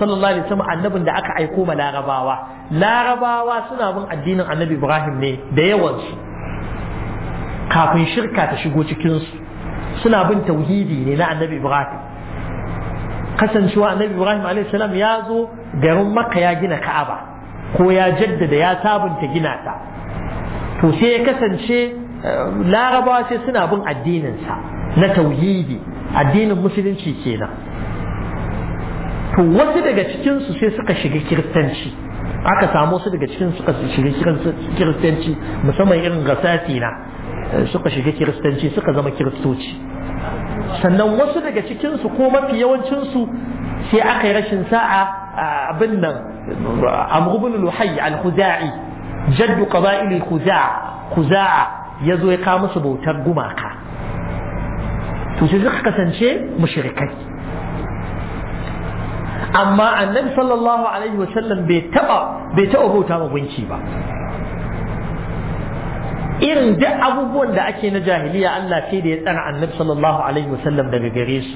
annabin da aka aiko ma larabawa larabawa suna bin addinin annabi ibrahim ne da yawansu kafin shirka ta shigo cikinsu suna bin tauhidi ne na annabi ibrahim kasancewa annabi ibrahim alaihissalam ya zo garin makka ya gina ka'aba ko ya jaddada ya sabunta gina ta to sai ya kasance eh, larabawa sai suna bin addininsa na tauhidi addinin musulunci kenan to wasu daga cikinsu sai suka shiga kiristanci aka samu su daga cikin suka shiga kiristanci musamman irin gasati na eh, suka shiga kiristanci suka zama kiristoci sannan wasu daga cikinsu ko mafi yawancinsu sai aka yi rashin sa'a abin nan amru bin al-khuzai jaddu qaba'il al-khuza'a khuza'a ya kawo musu bautar gumaka to sai suka kasance mushrikai amma annabi sallallahu alaihi wasallam bai taɓa bai taɓa bauta ma ba irin duk abubuwan da ake na jahiliya Allah sai da ya tsara annabi sallallahu alaihi wasallam daga gare su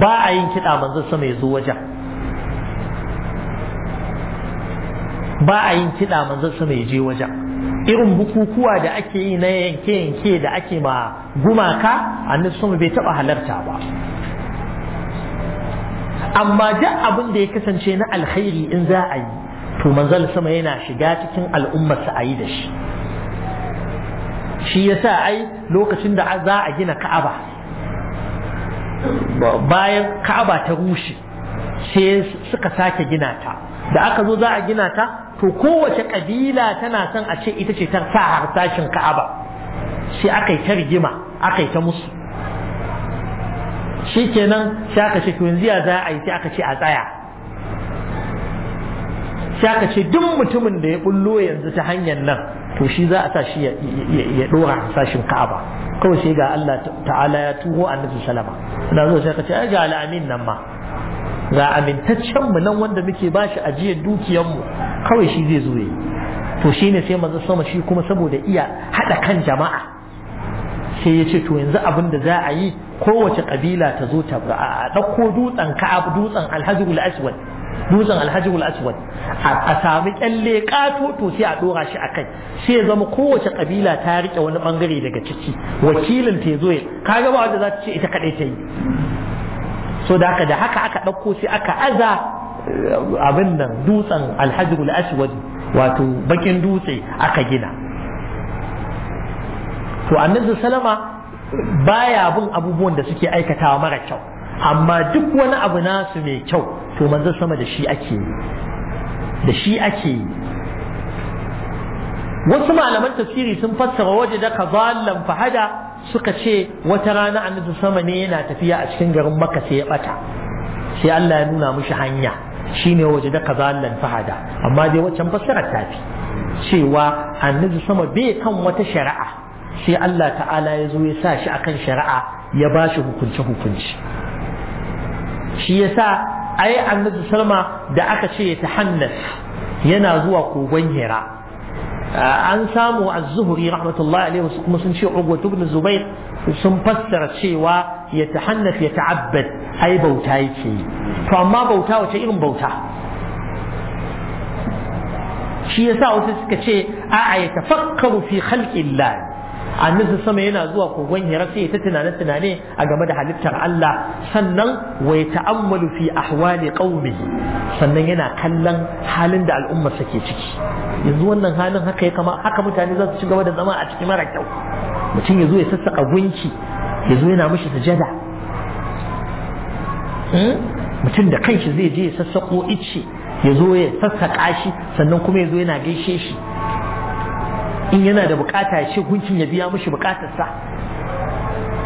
ba a yin kiɗa manzon sama ya zo wajen ba a yin kiɗa manzon sama ya je wajen irin bukukuwa da ake yi na yanke-yanke da ake ma gumaka annabi sama bai taɓa halarta ba amma duk abin da ya kasance na alkhairi in za a yi to manzon sama yana shiga cikin al'ummarsa a yi da shi shi yasa ai lokacin da za a gina ka'aba bayan ka'aba ta rushe sai suka sake gina ta da aka zo za a gina ta to kowace kabila tana son a ce ita ce ta sa harsashin ka'aba sai aka yi ta rigima aka yi ta musu shi kenan sai aka ce tunziya za a yi sai aka ce a tsaya sai aka ce duk mutumin da ya bullo yanzu ta hanyar nan to shi za a sa shi ya ɗora sashin ka'aba kawai sai ga Allah ta'ala ya tuho annabi salama na zo sai ka ce ai ga al'amin nan ma ga amintaccen mu nan wanda muke bashi ajiyar dukiyar mu kawai shi zai zo yi to ne sai manzo sama shi kuma saboda iya hada kan jama'a sai ya ce to yanzu abin da za a yi kowace kabila ta zo ta a ɗauko dutsen ka'ab dutsen alhajjul aswad dutsen Alhaji aswad a sami kyalle kato to sai a dora shi a kai sai zama kowace kabila ta rike wani bangare daga ciki wakilin ta zo ya kaga ba wanda za ta ce ita kadai ta yi so da haka da haka aka dauko sai aka aza eh, abin nan dutsen Alhaji aswad wato bakin dutse aka gina to annabi sallama baya bin abubuwan da suke aikatawa mara kyau amma duk wani abu nasu mai kyau to manzo sama da shi ake da shi ake wasu malaman tafsiri sun fassara waje da kazalan fahada suka ce wata rana annabi sama ne yana tafiya a cikin garin makka sai ya bata sai Allah ya nuna mishi hanya shine waje da kazalan fahada amma dai waccan fassarar ta fi cewa annabi sama bai kan wata shari'a sai Allah ta'ala ya zo ya sa shi akan shari'a ya ba shi hukunce hukunci shi a yi annabi salma da aka ce ya tahannas yana zuwa kogon hira ah, an samu az-zuhri rahmatullahi alaihi wasu kuma sun ce ugwa ibn zubair sun fassara cewa ya tahannaf ya ta'abbad ai bauta yake to amma bauta wace irin bauta shi yasa wasu suka ce a'a ya tafakkaru fi khalqillah A annabi sama yana zuwa kogon hira sai ta tunane tunane a game da halittar Allah sannan wai ta'ammalu fi ahwali qaumi sannan yana kallon halin da al'umma suke ciki yanzu wannan halin haka ya kama haka mutane za su ci gaba da zama a cikin mara kyau mutum ya zo ya sassaka gunki ya zo yana mishi sujada hmm? mutum da kanshi zai je ya sassako icce ya zo ya sassaka shi sannan kuma ya zo yana gaishe shi in yana da bukata ya ce gunkin ya biya mishi bukatarsa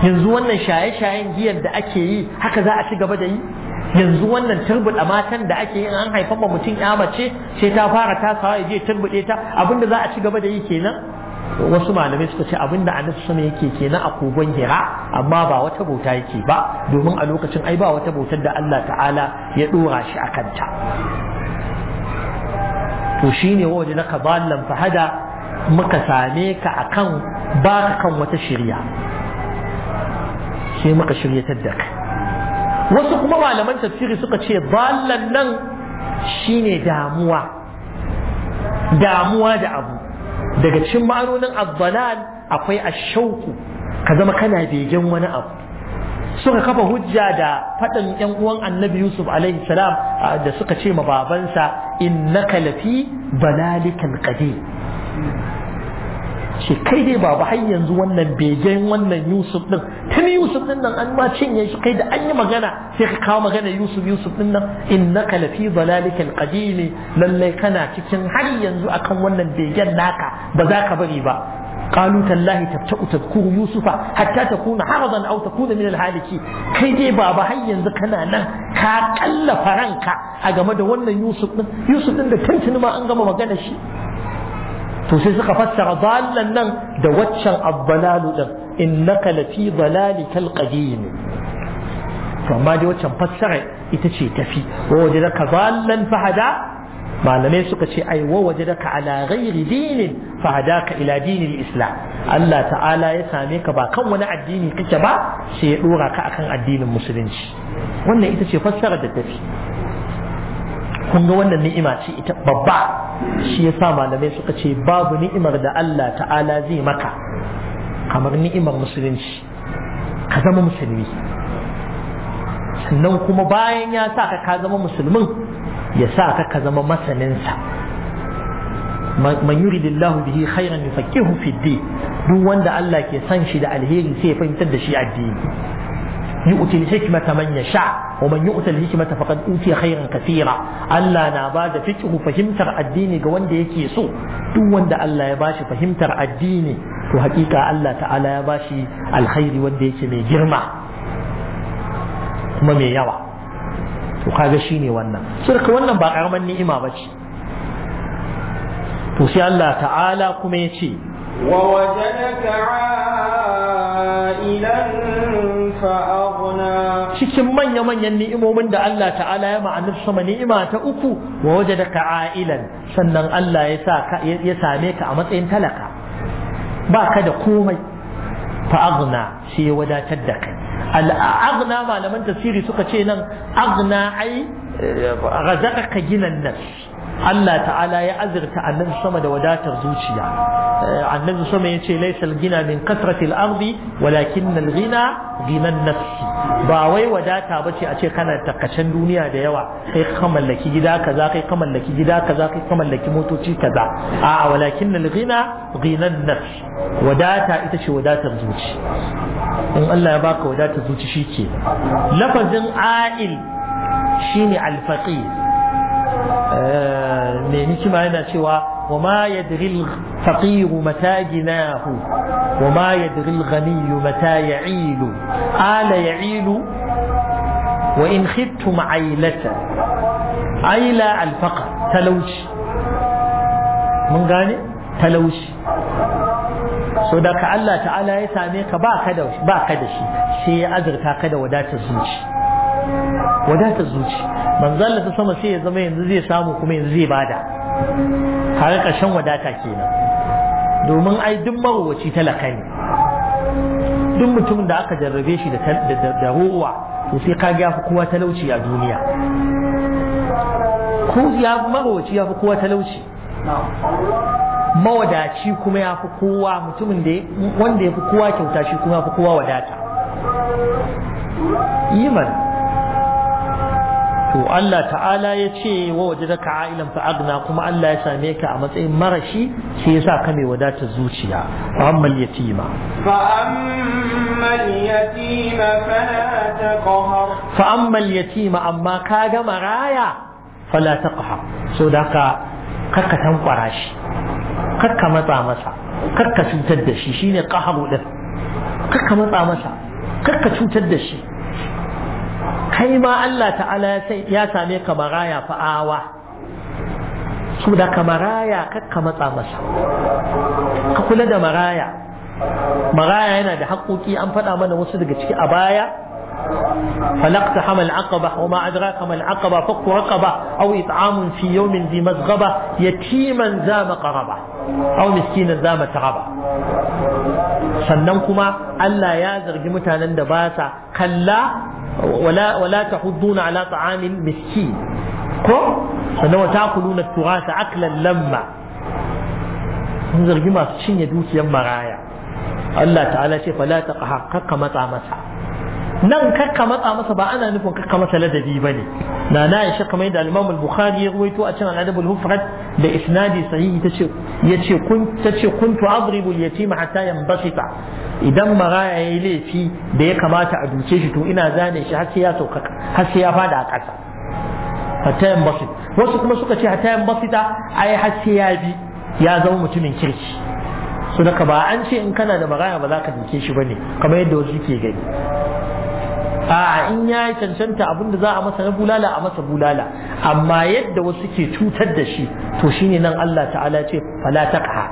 yanzu wannan shaye-shayen giyar da ake yi haka za a ci gaba da yi yanzu wannan turbuɗa matan da ake in an haifan ma mutum ya mace sai ta fara tasawa ya je turbuɗe ta abinda za a ci gaba da yi kenan wasu malamai suka ce abinda annabi sama yake kenan a kogon hira amma ba wata bauta yake ba domin a lokacin ai ba wata bautar da Allah ta'ala ya dora shi a kanta to shine waje na kabalan fahada muka same ka akan ba ka kan wata shirya sai muka shiryatar da wasu kuma malaman tafsiri suka ce ballan nan shine damuwa damuwa da abu daga cikin ma'anonin abbalal akwai ashauku ka zama kana begen wani abu suka kafa hujja da faɗin ‘yan uwan annabi Yusuf alaihi salam da suka ce ma babansa innaka kalafi balalikal qadim ce kai dai babu har yanzu wannan begen wannan yusuf din tun yusuf din nan an ma cinye shi kai da an yi magana sai ka kawo magana yusuf yusuf din nan innaka lafi dalalikal qadim lallai kana cikin har yanzu akan wannan begen naka ba za ka bari ba قالوا تالله تبتأ تذكر يوسف حتى تكون عرضا أو تكون من الهالكين كي دي بابا هيا ذكنا نن كاقل فرنكا أجمد ون يوسف يوسف إن تنتن ما أنجم مغانا شي to sai suka fassara dalan nan da waccan abbalalu din innaka lafi dalalikal qadim to amma dai waccan fassara ita ce tafi wa wajadaka dalan fahada malamai suka ce ai wa wajadaka ala ghairi dinin fahadaka ila dinil islam Allah ta'ala ya same ka ba kan wani addini kake ba sai ya dora ka akan addinin musulunci wannan ita ce fassara da tafi kun ga wannan ni'ima ce ita babba shi yasa malamai suka ce babu ni'imar da Allah ta'ala zai maka kamar ni'imar musulunci ka zama musulmi sannan kuma bayan ya sa ka ka zama musulmin ya sa ka ka zama masaninsa man lillahu bihi khairan yufaqihu fi din duk wanda Allah ke san shi da alheri sai ya fahimtar da shi addini يؤتي الحكمة من يشاء ومن يؤتى الحكمة فقد أوتي خيرا كثيرا ألا ناباد فكه فهمتر الدين قوان دي يكيسو دون دا ألا يباشي فهمتر الدين وحقيقة ألا تعالى يباشي الخير وان دي يكي جرمة kuma mai yawa to kaga shine wannan shirka wannan ba karamar ni'ima bace to sai Allah ta'ala kuma ya ce ووجدك عائلا فأغنى cikin manya-manyan ni'imomin da Allah ta'ala ya ma'anar sama ni'ima ta uku wa waje da ka'ilan sannan Allah ya same ka a matsayin talaka ba ka da komai fa'agna shi ya wadatar da kai al'agna malaman tasiri suka ce nan agna ai razaka ka gina nas Allah ta'ala ya azurta annabi sama da wadatar zuciya eh, annabi sama ya ce laisal gina min kasratil ardi walakin al gina ginan nafsi ba wai wadata ba ce a ce kana takacen duniya da yawa kai ka mallaki gida kaza kai ka mallaki gida kaza kai ka mallaki motoci kaza a'a walakin al gina ginan nafsi wadata ita ce wadatar zuci in Allah ya baka wadatar zuci shike lafazin a'il shine al-faqir mai hikima yana cewa wa ma yadril faqiru mata ginahu wa ma yadril ghaniyyu mata ya'ilu ala ya'ilu wa in khiftum ailata aila alfaqa talauci mun gane talauci so da ka Allah ta'ala ya same ka ba ka da shi sai ya azurta ka da wadatar zuci wadatar zuci manzo Allah ta sama sai ya zama yanzu zai samu kuma yanzu zai bada har ƙarshen wadata kenan domin ai duk mawawaci talaka ne duk mutumin da aka jarrabe shi da ruwa to sai ka ga fi kowa talauci a duniya ko ya mawawaci ya fi kowa talauci mawadaci kuma ya fi kowa mutumin da wanda ya fi kowa kyauta shi kuma ya fi kowa wadata iman to Allah ta'ala ya ce wa waje da ka ailan fa'agna kuma Allah ya same ka a matsayin marashi shi yasa ka mai wadata zuciya fa ammal yatima fa ammal yatima fala taqhar fa ammal yatima amma ka ga maraya fala taqhar so da ka kakka tankwara shi karka matsa masa karka cutar da shi shine qaharu din Karka matsa masa karka cutar da shi kai ma Allah ta'ala ya same ka maraya fa'awa su da ka maraya kakka matsa masa ka kula da maraya maraya yana da haƙoƙi an faɗa mana wasu daga ciki a baya فلقت حمل العقبة وما أدراك ما العقبة فك رقبة أو إطعام في يوم ذي مزغبة يتيما ذا مقربة أو مسكينا ذا متربة sannan kuma Allah ya zargi mutanen da ba kalla ولا ولا تحضون على طعام المسكين ko sannan wa takuluna turasa aklan lamma Mun zargi masu cinye dukiyar maraya Allah ta'ala ce fala ta kakka matsa masa nan kakka matsa masa ba ana nufin kakka masa ladabi bane na na ya kamar mai da al-Imam al-Bukhari ya ruwaito a cikin al-Adab al-Mufrad da isnadi sahihi tace ce kun ta ce tace kuntu adribu yatima hatta yanbasita idan maraya yayi laifi da ya kamata a duke shi to ina zane shi har sai ya sauka har sai ya fada a ƙasa hatta yanbasit wasu kuma suka ce hatta yanbasita ai har sai ya bi ya zama mutumin kirki so ka ba an ce in kana da maraya ba za ka duke shi bane kamar yadda wasu ke gani a'a in ya cancanta abin da za a masa na bulala a masa bulala amma yadda wasu ke cutar da shi to shine nan Allah ta'ala ce fala taqha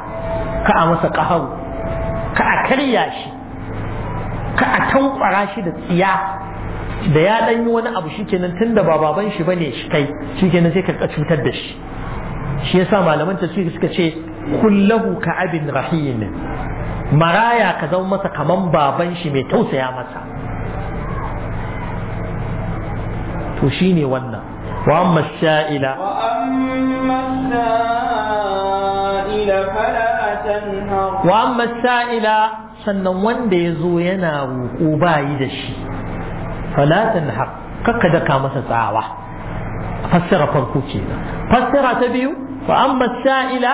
ka a masa qaharu ka a karya shi ka a tankwara shi da tsiya da ya dan yi wani abu shikenan tunda ba baban shi bane shi kai shikenan sai ka cutar da shi shi yasa malaman tafsiri suka ce kullahu ka abin rahim maraya ka zama masa kaman baban shi mai tausaya masa to ne wannan wa amma sha'ila wa amma sha'ila sannan wanda ya zo yana roƙo yi da shi fala tanhar kakka daka masa tsawa fassara farko ce fassara ta biyu wa amma sha'ila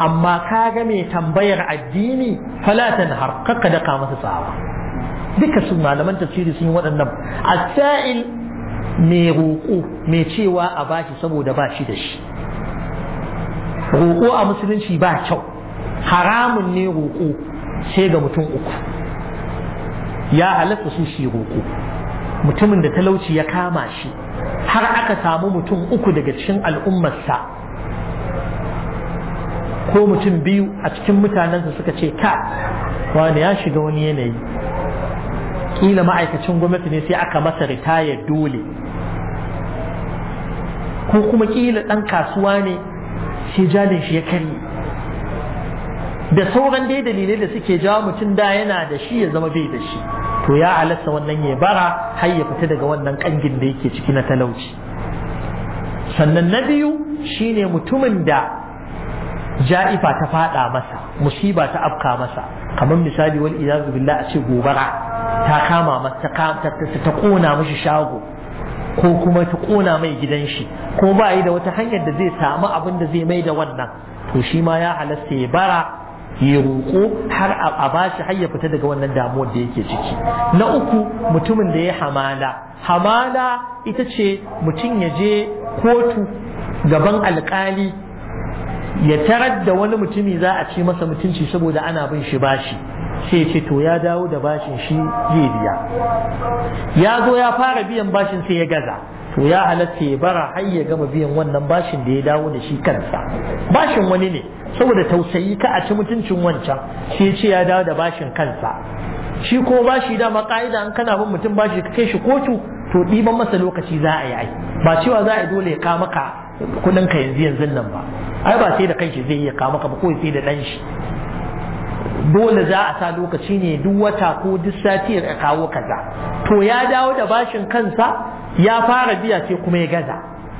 amma kaga mai tambayar addini fala tanhar kakka daka masa tsawa duka su malaman tafsiri sun yi waɗannan as-sa'il mai roƙo mai cewa a bashi saboda ba shi da shi roƙo a musulunci ba kyau haramun ne roƙo sai ga mutum uku ya halatta su shi roƙo mutumin da talauci ya kama shi har aka samu mutum uku daga cikin al'ummarsa ko mutum biyu a cikin mutanensa suka ce ta. wani ya shiga wani yanayi kila ma'aikacin gwamnati ne sai aka masa ritaya dole ko kuma kila ɗan kasuwa ne sai jalin shi ya kalli da sauran dai dalilai da suke jawo mutum da yana da shi ya zama bai da shi to ya alasa wannan ya bara har ya fita daga wannan kangin da yake ciki na talauci sannan na biyu shine mutumin da ja'ifa ta fada masa musiba ta afka masa kamar misali wal iyazu billah a ce gobara ta kama masa ta kona mashi shago ko kuma ta kona mai gidan shi ko ba yi da wata hanyar da zai samu abin da zai mai da wannan to shi ma ya halasta ya bara ya roƙo har a ba shi har ya fita daga wannan damuwar da yake ciki na uku mutumin da ya hamala hamala ita ce mutum ya je kotu gaban alƙali ya tarar da wani mutumi za a ce masa mutunci saboda ana bin shi bashi sai ce to ya dawo da bashin shi zai biya ya zo ya fara biyan bashin sai ya gaza to ya halatta ya bara har ya gama biyan wannan bashin da ya dawo da shi kansa bashin wani ne saboda tausayi ka a ci mutuncin wancan sai ce ya dawo da bashin kansa shi ko bashi dama ka'ida an kana bin mutum bashi ka kai shi kotu to ɗiban masa lokaci za a yi ai ba cewa za a yi dole ya kama ka kudin ka yanzu yanzu nan ba ai ba sai da kanshi zai iya kama ka ba ko sai da ɗan shi dole za a sa lokaci ne duk wata ko duk sati ya kawo kaza to ya dawo da bashin kansa ya fara biya ce kuma ya gaza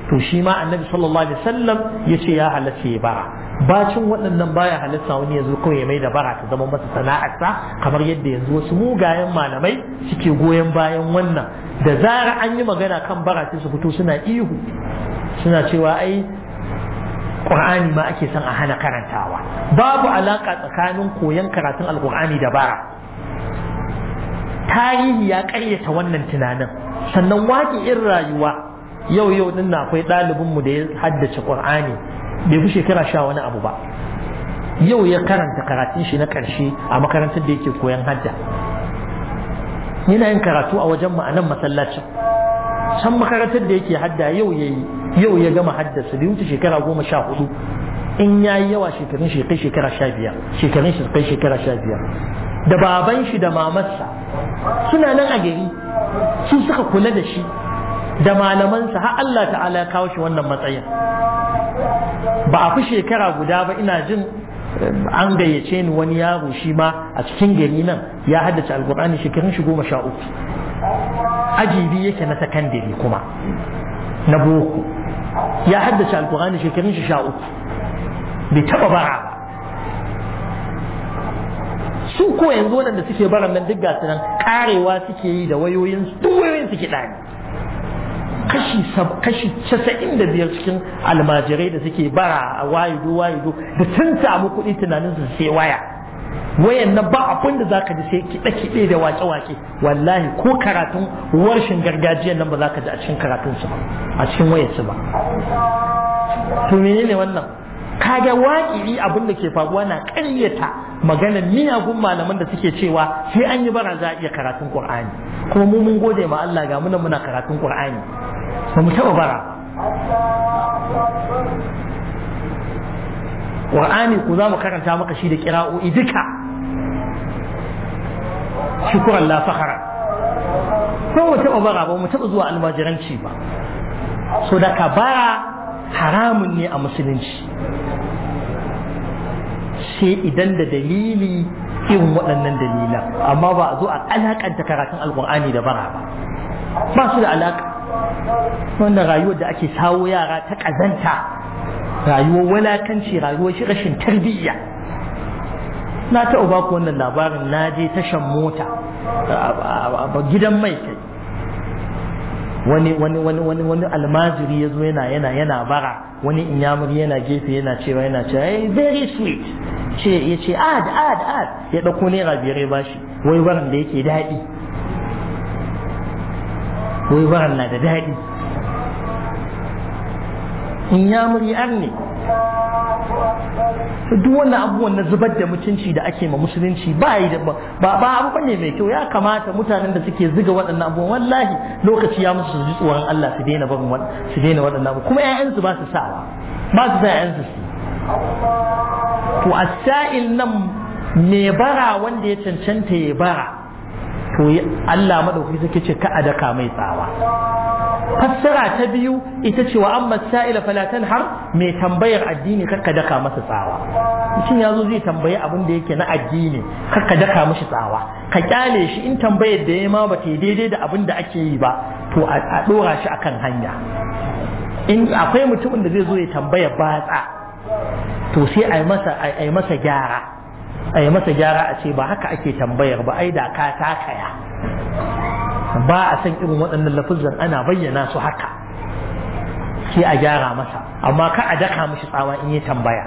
to shi ma annabi sallallahu alaihi wasallam ya ce ya halatta ya bara bacin waɗannan baya halitta wani yanzu kawai ya mai da bara ta zama masa sana'arsa kamar yadda yanzu wasu mugayen malamai suke goyon bayan wannan da zarar an yi magana kan bara sai su fito suna ihu suna cewa ai qur'ani ma ake son a hana karantawa babu alaka tsakanin koyon karatun alqur'ani da bara tarihi ya karyata wannan tunanin sannan waki irin rayuwa yau yau din na akwai ɗalibin mu da ya haddace qur'ani bai fi shekara sha wani abu ba yau ya karanta karatun shi na ƙarshe a makarantar da yake koyon hadda yana yin karatu a wajen ma'anan masallacin san makarantar da yake hadda yau yayi yau ya gama haddasa da wuce shekara goma sha hudu in ya yi yawa shekarun shi kai shekara sha biyar shekarun shi kai shekara sha biyar da baban shi da mamarsa suna nan a gari su suka kula da shi da malamansa har Allah ta'ala ya kawo shi wannan matsayin ba a fi shekara guda ba ina jin an gayyace ni wani yaro shi ma a cikin gari nan ya haddace alkur'ani shekarun shi goma sha uku ajibi yake na sakandare kuma na boko ya haddace alkur'ani shekarun shi sha uku bai taɓa bara ba su ko yanzu waɗanda suke baran nan duk gasu nan karewa suke yi da wayoyin duk wayoyin suke ɗani kashi kashi casa'in da biyar cikin almajirai da suke bara a wayido wayido da sun samu kuɗi tunanin su sai waya wayan nan ba abin da zaka ji sai kiɗe kiɗe da wake wake wallahi ko karatun warshin gargajiyan nan ba zaka ji a cikin karatun su ba a cikin wayar su ba to menene wannan kaga waƙiri abin da ke faruwa na ƙaryata maganar miyagun malaman da suke cewa sai an yi bara za a iya karatun qur'ani kuma mu mun gode ma Allah ga muna muna karatun qur'ani ba mu taɓa bara qur'ani ku za mu karanta maka shi da kira'o'i duka shukuran la fakhara ko mu taɓa bara ba mu taɓa zuwa almajiranci ba so da ka bara haramun ne a musulunci sai idan da dalili irin waɗannan dalilan amma ba a zo a alakanta karatun Alƙur'ani da bara ba ba su da alaƙa wanda rayuwar da ake sawo yara ta ƙazanta rayuwar walakanci rayuwar rashin tarbiyya na ta uba ku wannan labarin na je tashan mota a gidan mai kai wani wani wani wani wani almajiri ya zo yana yana yana bara wani inyamuri yana gefe yana cewa yana cewa hey, eh, very sweet ce ya ce ad ad ad ya ɗauko naira biyar ya bashi wai waran da yake daɗi wai waran na da daɗi inyamuri ar ne duk wannan abubuwan na zubar da mutunci da ake ma musulunci ba yi da ba ba abu bane mai kyau ya kamata mutanen da suke ziga waɗannan abubuwan wallahi lokaci ya musu ji tsoron Allah su daina barin su daina waɗannan abubuwan kuma ƴaƴansu ba su sa ba su sa ƴaƴansu su to asail nan me bara wanda ya cancanta ya bara to Allah madauki sai ce ka adaka mai tsawa fassara ta biyu ita ce wa amma sa'ila fala tanhar mai tambayar addini karka daka masa tsawa mutum ya zo zai tambayi abin da yake na addini karka daka mashi tsawa ka kyale shi in tambayar da ya ma ba ta daidai da abin da ake yi ba to a dora shi akan hanya in akwai mutumin da zai zo ya tambaya batsa to sai a yi masa a masa gyara a yi masa gyara a ce ba haka ake tambayar ba ai da ka takaya ba a san irin waɗannan lafuzan ana bayyana su haka sai a gyara masa amma ka a daka mishi tsawa in yi tambaya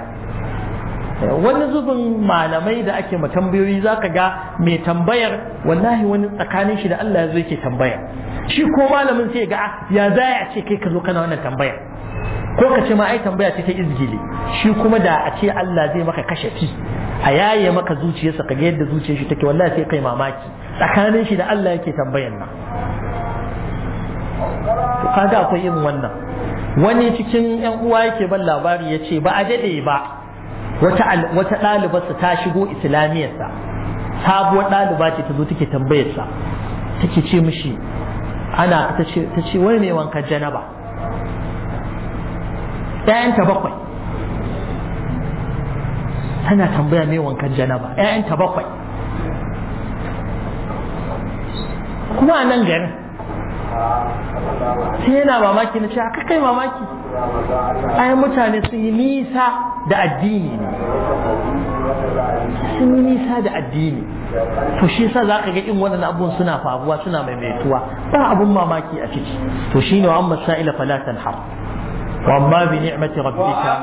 wani zubin malamai da ake ma tambayoyi za ka ga mai tambayar wallahi wani tsakanin shi da Allah ya zo yake tambaya shi ko malamin sai ga ah, ya za a ce kai ka zo kana wannan tambayar ko ka ce ma ai tambaya ce ta izgili shi kuma da a ce Allah zai maka kashe kashafi a yaye maka zuciyarsa ka ga yadda zuciyar shi take wallahi sai kai mamaki tsakanin shi da Allah yake tambayan nan to kaga akwai irin wannan wani cikin yan uwa yake ban labari yace ba a dade ba wata ɗalibarsa ta shigo islamiyarsa sabuwar ɗaliba ce ta zo take tambayarsa take ce mishi ana ta ce wani mai wankan janaba ‘ya'yanta bakwai tana tambaya mai wankan janaba ‘ya'yanta bakwai kuma a nan garin sai yana mamaki na ce aka kai mamaki ayi mutane sun yi nisa da addini sun yi nisa da addini to shi sa za ka ga in waɗannan abubuwan suna faruwa suna maimaituwa ba abun mamaki a ciki to shi ne wa amma sa'ila falatan har وأما بنعمة ربك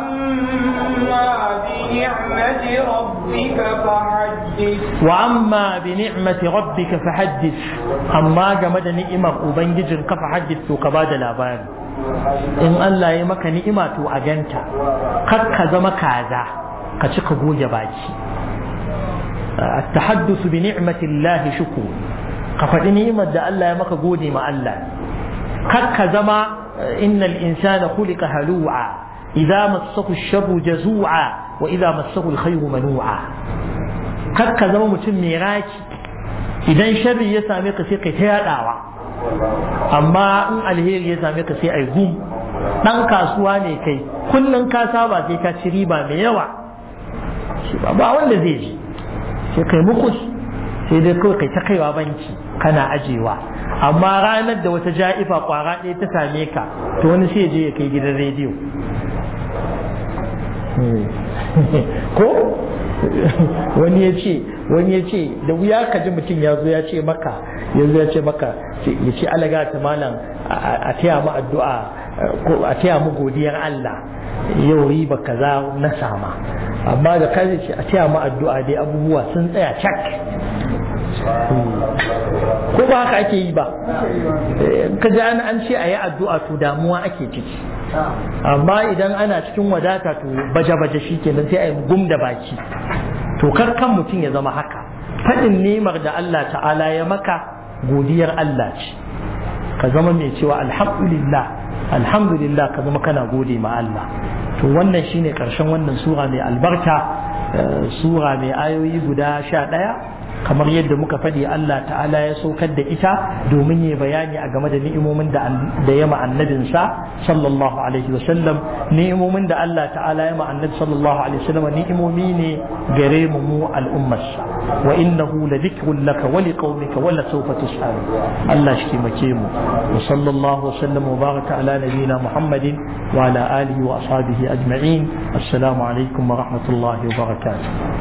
وأما بنعمة ربك فحدث وأما بنعمة ربك فحدث أما جمد نعمة أبنجج فحدث كباد الأبان إن الله يمك نعمة أجنت قد كزم كذا كشك بوجة باجي التحدث بنعمة الله شكور كفت نعمة الله يمك قودي مع الله قد كزم إن الإنسان خلق هلوعا إذا مسه الشر جزوعا وإذا مسه الخير منوعا كك زمان متم ميراج إذا الشر يسامي قسي قتيا داوا أما أن الهير يسامي قسي أي غوم نان نعم كاسواني كي كل نان كاسابا كي كاتريبا ميوا بابا أولا زيجي سيقي مقص سيدي كي تقيوا بانتي kana ajewa amma ranar da wata ja'ifa kwara ɗaya ta same ka to wani sai je ya kai gidan rediyo ko wani ya ce wani ya ce da wuya ka ji mutum ya zo ya ce maka yanzu ya ce maka ya ce alaga ta malam a taya mu addu'a ko a taya mu godiyar Allah yau riba kaza na sama amma da kaji a taya mu addu'a dai abubuwa sun tsaya cak Hmm. ko ba haka ake yi ba eh, ka ji an an ce a yi addu'a to damuwa ake ciki amma idan ana cikin wadata to baje-baje shi kenan sai a yi gum da baki to kar kan mutum ya zama haka faɗin nemar da Allah ta'ala ya maka godiyar Allah ce ka zama mai cewa alhamdulillah alhamdulillah ka zama kana gode ma Allah to wannan shine karshen wannan sura mai albarka eh, sura mai ayoyi guda sha ɗaya kamar yadda muka faɗi Allah ta'ala ya saukar da ita domin ya bayani a game da ni'imomin da ya annabin sa sallallahu alaihi wasallam ni'imomin da Allah ta'ala ya annabi sallallahu alaihi wasallam ni'imomi ne gare mu mu al'ummar sa wa innahu la dhikrun laka wa li qaumika wa la sawfa tus'al Allah shi taimake mu wa sallallahu wasallam wa baraka ala nabiyyina Muhammadin wa ala alihi wa ashabihi ajma'in assalamu alaikum wa rahmatullahi wa barakatuh